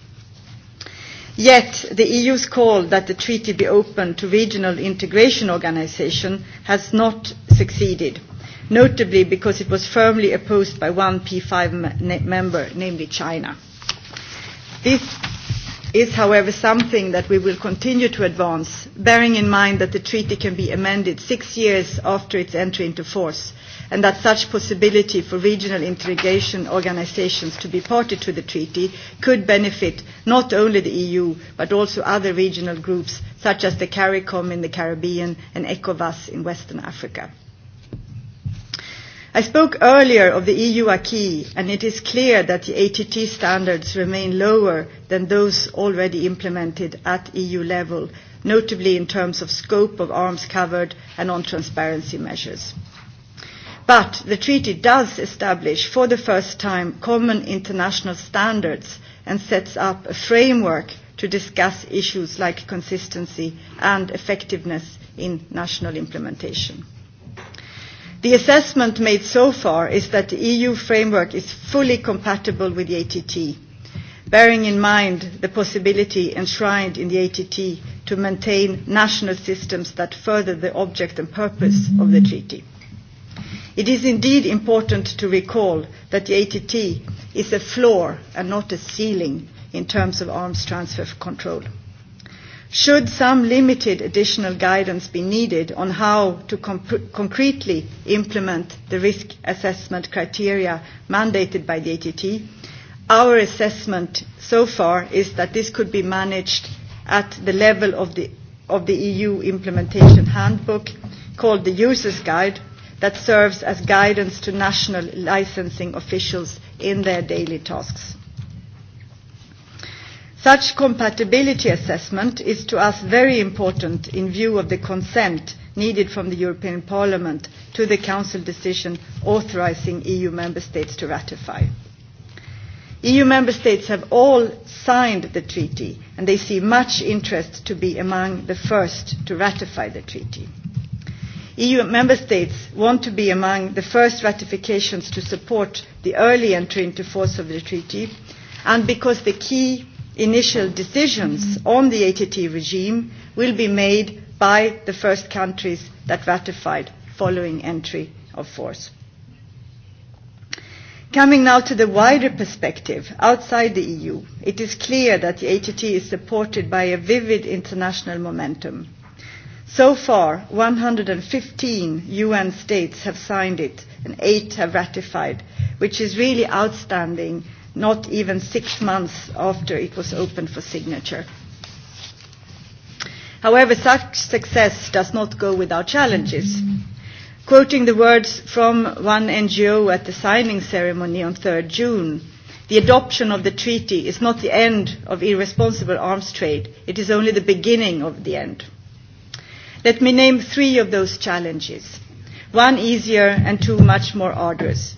Yet the EU's call that the treaty be open to regional integration organisation has not succeeded, notably because it was firmly opposed by one P5 member, namely China. This is, however, something that we will continue to advance, bearing in mind that the treaty can be amended six years after its entry into force, and that such possibility for regional integration organizations to be party to the treaty could benefit not only the EU but also other regional groups such as the CARICOM in the Caribbean and ECOWAS in Western Africa. I spoke earlier of the EU acquis, and it is clear that the ATT standards remain lower than those already implemented at EU level, notably in terms of scope of arms covered and on transparency measures. But the treaty does establish for the first time common international standards and sets up a framework to discuss issues like consistency and effectiveness in national implementation. The assessment made so far is that the EU framework is fully compatible with the ATT, bearing in mind the possibility enshrined in the ATT to maintain national systems that further the object and purpose of the treaty. Mm-hmm. It is indeed important to recall that the ATT is a floor and not a ceiling in terms of arms transfer control. Should some limited additional guidance be needed on how to comp- concretely implement the risk assessment criteria mandated by the ATT, our assessment so far is that this could be managed at the level of the, of the EU implementation handbook called the User's Guide that serves as guidance to national licensing officials in their daily tasks. Such compatibility assessment is to us very important in view of the consent needed from the European Parliament to the Council decision authorizing EU member states to ratify. EU member states have all signed the treaty and they see much interest to be among the first to ratify the treaty. EU member states want to be among the first ratifications to support the early entry into force of the treaty, and because the key initial decisions on the ATT regime will be made by the first countries that ratified following entry of force. Coming now to the wider perspective outside the EU, it is clear that the ATT is supported by a vivid international momentum. So far, 115 UN states have signed it and eight have ratified, which is really outstanding, not even six months after it was opened for signature. However, such success does not go without challenges. Quoting the words from one NGO at the signing ceremony on 3rd June, the adoption of the treaty is not the end of irresponsible arms trade, it is only the beginning of the end. Let me name three of those challenges. One easier and two much more arduous.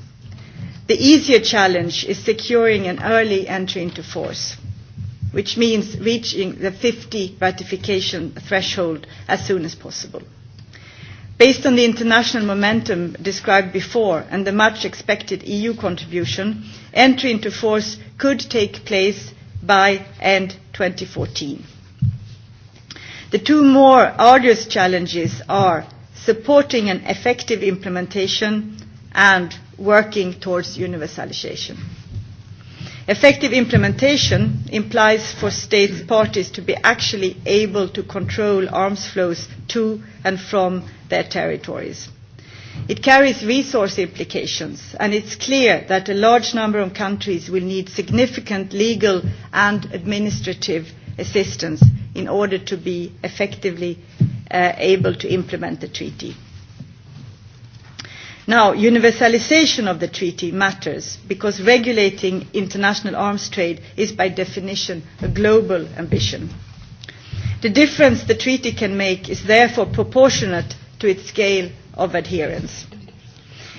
The easier challenge is securing an early entry into force, which means reaching the 50 ratification threshold as soon as possible. Based on the international momentum described before and the much expected EU contribution, entry into force could take place by end 2014. The two more arduous challenges are supporting an effective implementation and working towards universalization. Effective implementation implies for states parties to be actually able to control arms flows to and from their territories. It carries resource implications, and it's clear that a large number of countries will need significant legal and administrative assistance in order to be effectively uh, able to implement the treaty. Now, universalization of the treaty matters because regulating international arms trade is by definition a global ambition. The difference the treaty can make is therefore proportionate to its scale of adherence.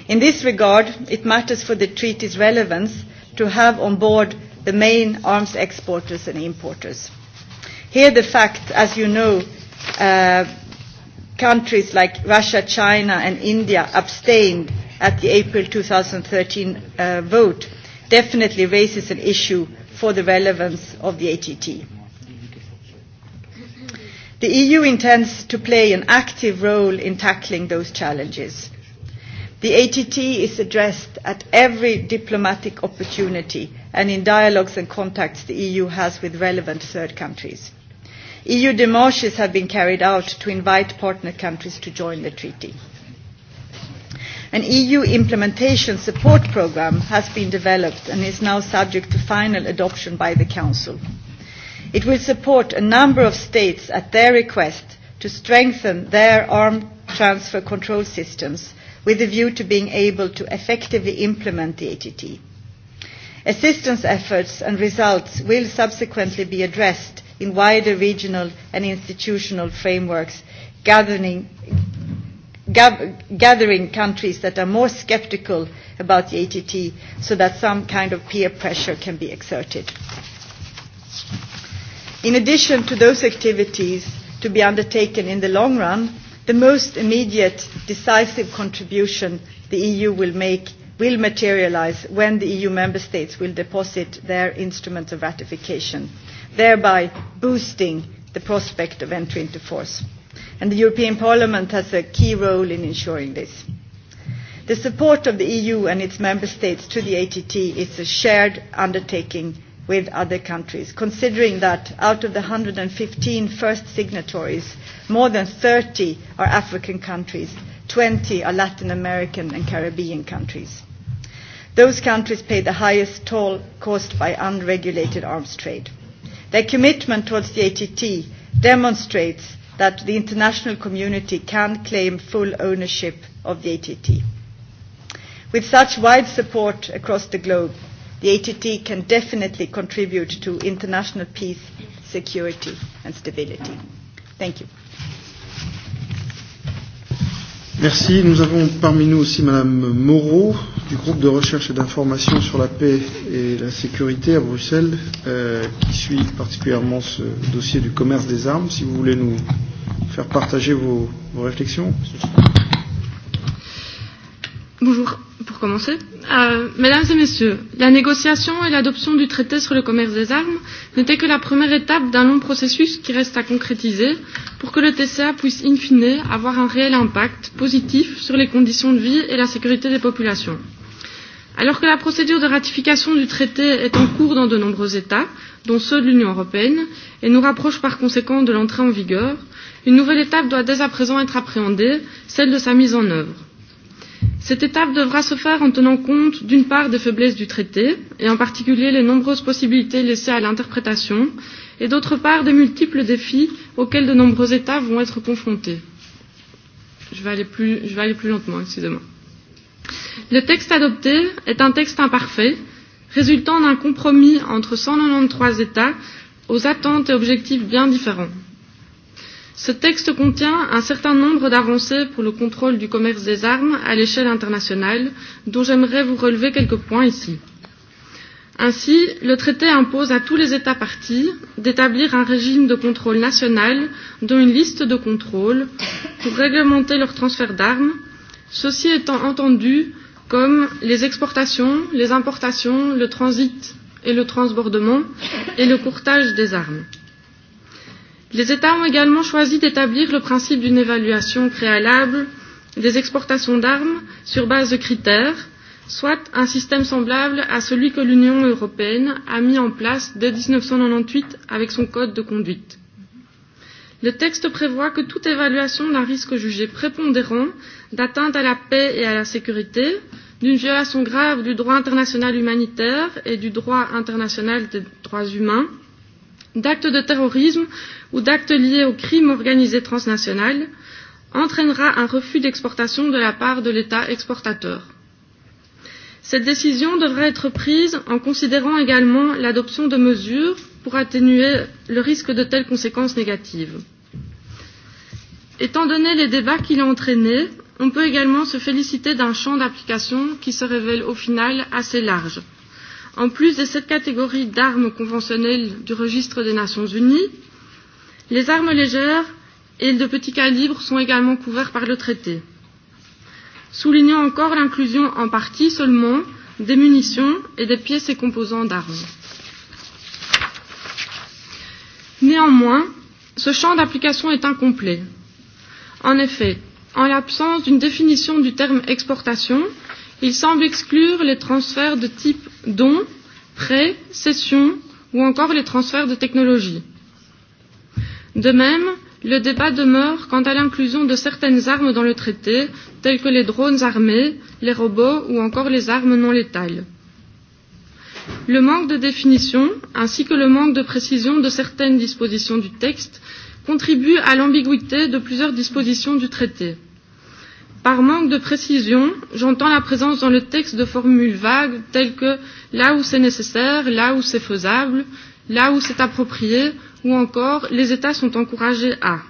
In this regard, it matters for the treaty's relevance to have on board the main arms exporters and importers. Here the fact, as you know, uh, countries like Russia, China and India abstained at the April 2013 uh, vote definitely raises an issue for the relevance of the ATT. The EU intends to play an active role in tackling those challenges. The ATT is addressed at every diplomatic opportunity and in dialogues and contacts the EU has with relevant third countries. EU demarches have been carried out to invite partner countries to join the treaty. An EU implementation support programme has been developed and is now subject to final adoption by the Council. It will support a number of states at their request to strengthen their armed transfer control systems with a view to being able to effectively implement the ATT. Assistance efforts and results will subsequently be addressed in wider regional and institutional frameworks governing, gab, gathering countries that are more skeptical about the ATT so that some kind of peer pressure can be exerted. In addition to those activities to be undertaken in the long run, the most immediate decisive contribution the EU will make will materialize when the EU member states will deposit their instruments of ratification. Uh, thereby boosting the prospect of entry into force. And the European Parliament has a key role in ensuring this. The support of the EU and its member states to the ATT is a shared undertaking with other countries, considering that out of the 115 first signatories, more than 30 are African countries, 20 are Latin American and Caribbean countries. Those countries pay the highest toll caused by unregulated arms trade. Their commitment towards the ATT demonstrates that the international community can claim full ownership of the ATT. With such wide support across the globe, the ATT can definitely contribute to international peace, security and stability. Thank you. Merci. Nous avons parmi nous aussi Madame Moreau du groupe de recherche et d'information sur la paix et la sécurité à Bruxelles, euh, qui suit particulièrement ce dossier du commerce des armes. Si vous voulez nous faire partager vos, vos réflexions. Bonjour pour commencer. Euh, mesdames et messieurs, la négociation et l'adoption du traité sur le commerce des armes n'était que la première étape d'un long processus qui reste à concrétiser pour que le TCA puisse in fine avoir un réel impact positif sur les conditions de vie et la sécurité des populations. Alors que la procédure de ratification du traité est en cours dans de nombreux États, dont ceux de l'Union européenne, et nous rapproche par conséquent de l'entrée en vigueur, une nouvelle étape doit dès à présent être appréhendée, celle de sa mise en œuvre. Cette étape devra se faire en tenant compte, d'une part, des faiblesses du traité, et en particulier les nombreuses possibilités laissées à l'interprétation, et d'autre part, des multiples défis auxquels de nombreux États vont être confrontés. Je vais aller plus, je vais aller plus lentement, excusez-moi. Le texte adopté est un texte imparfait, résultant d'un compromis entre 193 États aux attentes et objectifs bien différents. Ce texte contient un certain nombre d'avancées pour le contrôle du commerce des armes à l'échelle internationale, dont j'aimerais vous relever quelques points ici. Ainsi, le traité impose à tous les États partis d'établir un régime de contrôle national, dont une liste de contrôles, pour réglementer leur transfert d'armes, ceci étant entendu comme les exportations, les importations, le transit et le transbordement et le courtage des armes. Les États ont également choisi d'établir le principe d'une évaluation préalable des exportations d'armes sur base de critères, soit un système semblable à celui que l'Union européenne a mis en place dès 1998 avec son code de conduite. Le texte prévoit que toute évaluation d'un risque jugé prépondérant d'atteinte à la paix et à la sécurité, d'une violation grave du droit international humanitaire et du droit international des droits humains, d'actes de terrorisme ou d'actes liés au crime organisé transnational entraînera un refus d'exportation de la part de l'État exportateur. Cette décision devra être prise en considérant également l'adoption de mesures pour atténuer le risque de telles conséquences négatives. Étant donné les débats qu'il a entraînés, on peut également se féliciter d'un champ d'application qui se révèle au final assez large En plus de cette catégorie d'armes conventionnelles du registre des Nations Unies, les armes légères et de petit calibre sont également couverts par le traité. Soulignons encore l'inclusion en partie seulement des munitions et des pièces et composants d'armes. Néanmoins, ce champ d'application est incomplet. En effet, en l'absence d'une définition du terme exportation, il semble exclure les transferts de type dons, prêts, cessions ou encore les transferts de technologies. De même, le débat demeure quant à l'inclusion de certaines armes dans le traité, telles que les drones armés, les robots ou encore les armes non létales. Le manque de définition, ainsi que le manque de précision de certaines dispositions du texte, contribuent à l'ambiguïté de plusieurs dispositions du traité. Par manque de précision, j'entends la présence dans le texte de formules vagues telles que là où c'est nécessaire, là où c'est faisable, là où c'est approprié, ou encore les États sont encouragés à.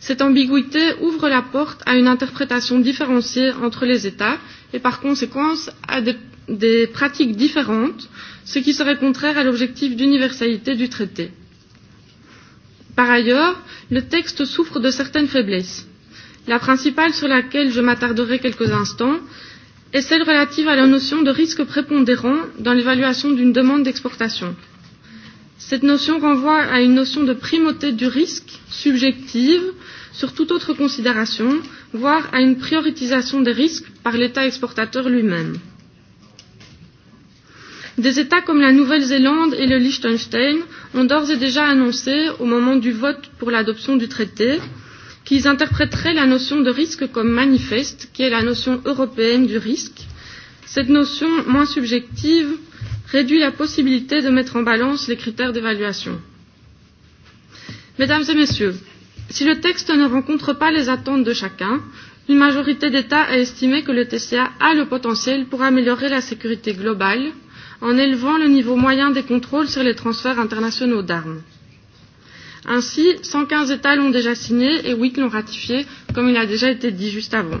Cette ambiguïté ouvre la porte à une interprétation différenciée entre les États et par conséquent à des, des pratiques différentes, ce qui serait contraire à l'objectif d'universalité du traité. Par ailleurs, le texte souffre de certaines faiblesses. La principale sur laquelle je m'attarderai quelques instants est celle relative à la notion de risque prépondérant dans l'évaluation d'une demande d'exportation. Cette notion renvoie à une notion de primauté du risque subjective sur toute autre considération, voire à une prioritisation des risques par l'État exportateur lui-même. Des États comme la Nouvelle-Zélande et le Liechtenstein ont d'ores et déjà annoncé, au moment du vote pour l'adoption du traité, qu'ils interpréteraient la notion de risque comme manifeste, qui est la notion européenne du risque. Cette notion moins subjective réduit la possibilité de mettre en balance les critères d'évaluation. Mesdames et messieurs, si le texte ne rencontre pas les attentes de chacun, une majorité d'États a estimé que le TCA a le potentiel pour améliorer la sécurité globale en élevant le niveau moyen des contrôles sur les transferts internationaux d'armes. Ainsi, 115 États l'ont déjà signé et 8 l'ont ratifié, comme il a déjà été dit juste avant.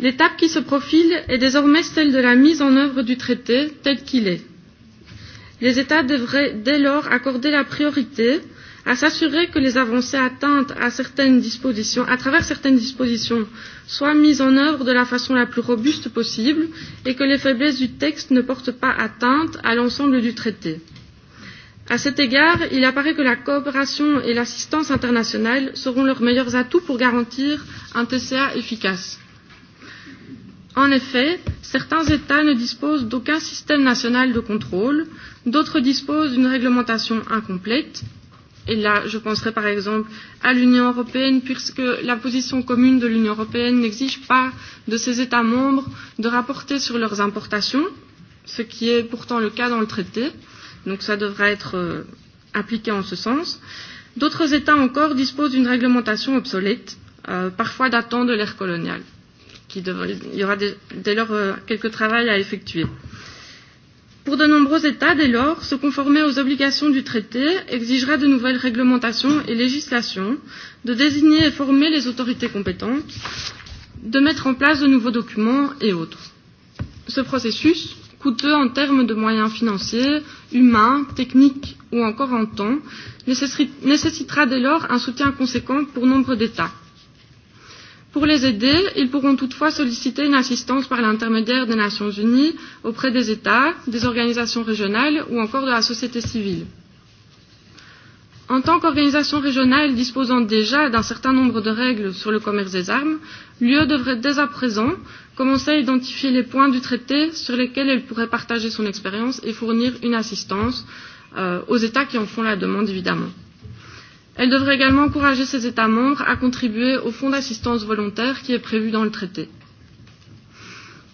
L'étape qui se profile est désormais celle de la mise en œuvre du traité tel qu'il est. Les États devraient dès lors accorder la priorité à s'assurer que les avancées atteintes à, certaines dispositions, à travers certaines dispositions soient mises en œuvre de la façon la plus robuste possible et que les faiblesses du texte ne portent pas atteinte à l'ensemble du traité. Euh, À cet égard, il apparaît que la coopération et l'assistance internationale seront leurs meilleurs atouts pour garantir un TCA efficace. En effet, certains États ne disposent d'aucun système national de contrôle, d'autres disposent d'une réglementation incomplète, et là je penserai par exemple à l'Union européenne, puisque la position commune de l'Union européenne n'exige pas de ses États membres de rapporter sur leurs importations, ce qui est pourtant le cas dans le traité. Euh, Donc ça devra être euh, appliqué en ce sens. D'autres États encore disposent d'une réglementation obsolète, euh, parfois datant de l'ère coloniale. Qui devrait, il y aura dès, dès lors euh, quelques travail à effectuer. Pour de nombreux États, dès lors, se conformer aux obligations du traité exigera de nouvelles réglementations et législations, de désigner et former les autorités compétentes, de mettre en place de nouveaux documents et autres. Ce processus, coûteux en termes de moyens financiers, humains, techniques ou encore en temps, nécessitera dès lors un soutien conséquent pour nombre d'États. Pour les aider, ils pourront toutefois solliciter une assistance par l'intermédiaire des Nations Unies auprès des États, des organisations régionales ou encore de la société civile. En tant qu'organisation régionale disposant déjà d'un certain nombre de règles sur le commerce des armes, l'UE devrait dès à présent commencer à identifier les points du traité sur lesquels elle pourrait partager son expérience et fournir une assistance euh, aux États qui en font la demande, évidemment. Elle devrait également encourager ses États membres à contribuer au fonds d'assistance volontaire qui est prévu dans le traité.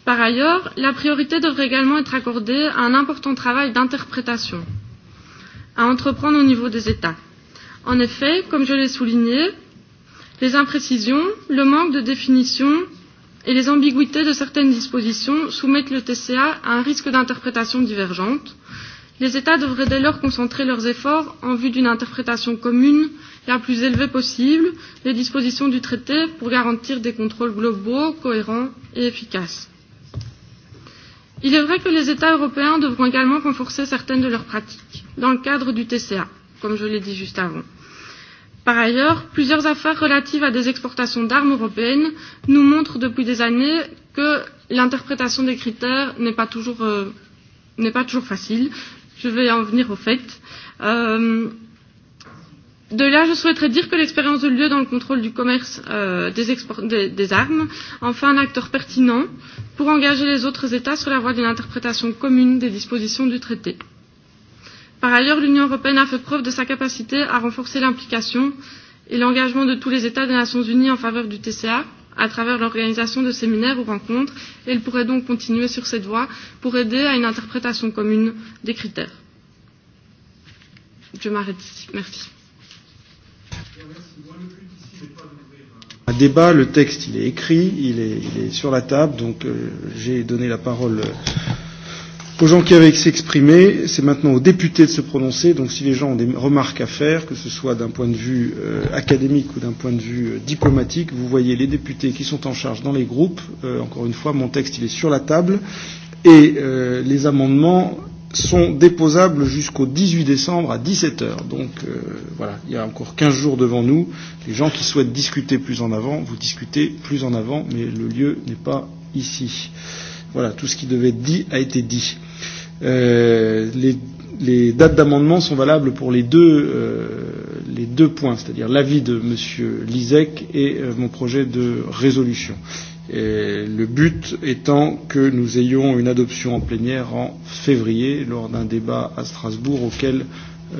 Par ailleurs, la priorité devrait également être accordée à un important travail d'interprétation à entreprendre au niveau des États. En effet, comme je l'ai souligné, les imprécisions, le manque de définition et les ambiguïtés de certaines dispositions soumettent le TCA à un risque d'interprétation divergente. Les États devraient dès lors concentrer leurs efforts en vue d'une interprétation commune la plus élevée possible des dispositions du traité pour garantir des contrôles globaux, cohérents et efficaces. Il est vrai que les États européens devront également renforcer certaines de leurs pratiques dans le cadre du TCA, comme je l'ai dit juste avant. Par ailleurs, plusieurs affaires relatives à des exportations d'armes européennes nous montrent depuis des années que l'interprétation des critères n'est pas toujours euh, n'est pas toujours facile. Je vais en venir au fait. Euh, De là, je souhaiterais dire que l'expérience de l'UE dans le contrôle du commerce euh, des, des, des armes en fait un acteur pertinent pour engager les autres États sur la voie d'une interprétation commune des dispositions du traité. Par ailleurs, l'Union européenne a fait preuve de sa capacité à renforcer l'implication et l'engagement de tous les États des Nations unies en faveur du TCA à travers l'organisation de séminaires ou rencontres et elle pourrait donc continuer sur cette voie pour aider à une interprétation commune des critères. Je m'arrête ici. Merci. un débat. Le texte, il est écrit, il est, il est sur la table, donc euh, j'ai donné la parole euh, aux gens qui avaient s'exprimer. C'est maintenant aux députés de se prononcer. Donc si les gens ont des remarques à faire, que ce soit d'un point de vue euh, académique ou d'un point de vue euh, diplomatique, vous voyez les députés qui sont en charge dans les groupes. Euh, encore une fois, mon texte, il est sur la table. Et euh, les amendements sont déposables jusqu'au 18 décembre à 17 heures. Donc euh, voilà, il y a encore 15 jours devant nous. Les gens qui souhaitent discuter plus en avant, vous discutez plus en avant, mais le lieu n'est pas ici. Voilà, tout ce qui devait être dit a été dit. Euh, les, les dates d'amendement sont valables pour les deux, euh, les deux points, c'est-à-dire l'avis de M. Lisek et euh, mon projet de résolution. Euh, Et le but étant que nous ayons une adoption en plénière en février lors d'un débat à Strasbourg auquel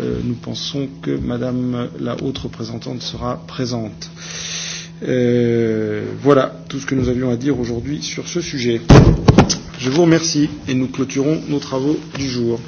euh, nous pensons que Madame la haute représentante sera présente. Euh, voilà tout ce que nous avions à dire aujourd'hui sur ce sujet. Je vous remercie et nous clôturons nos travaux du jour.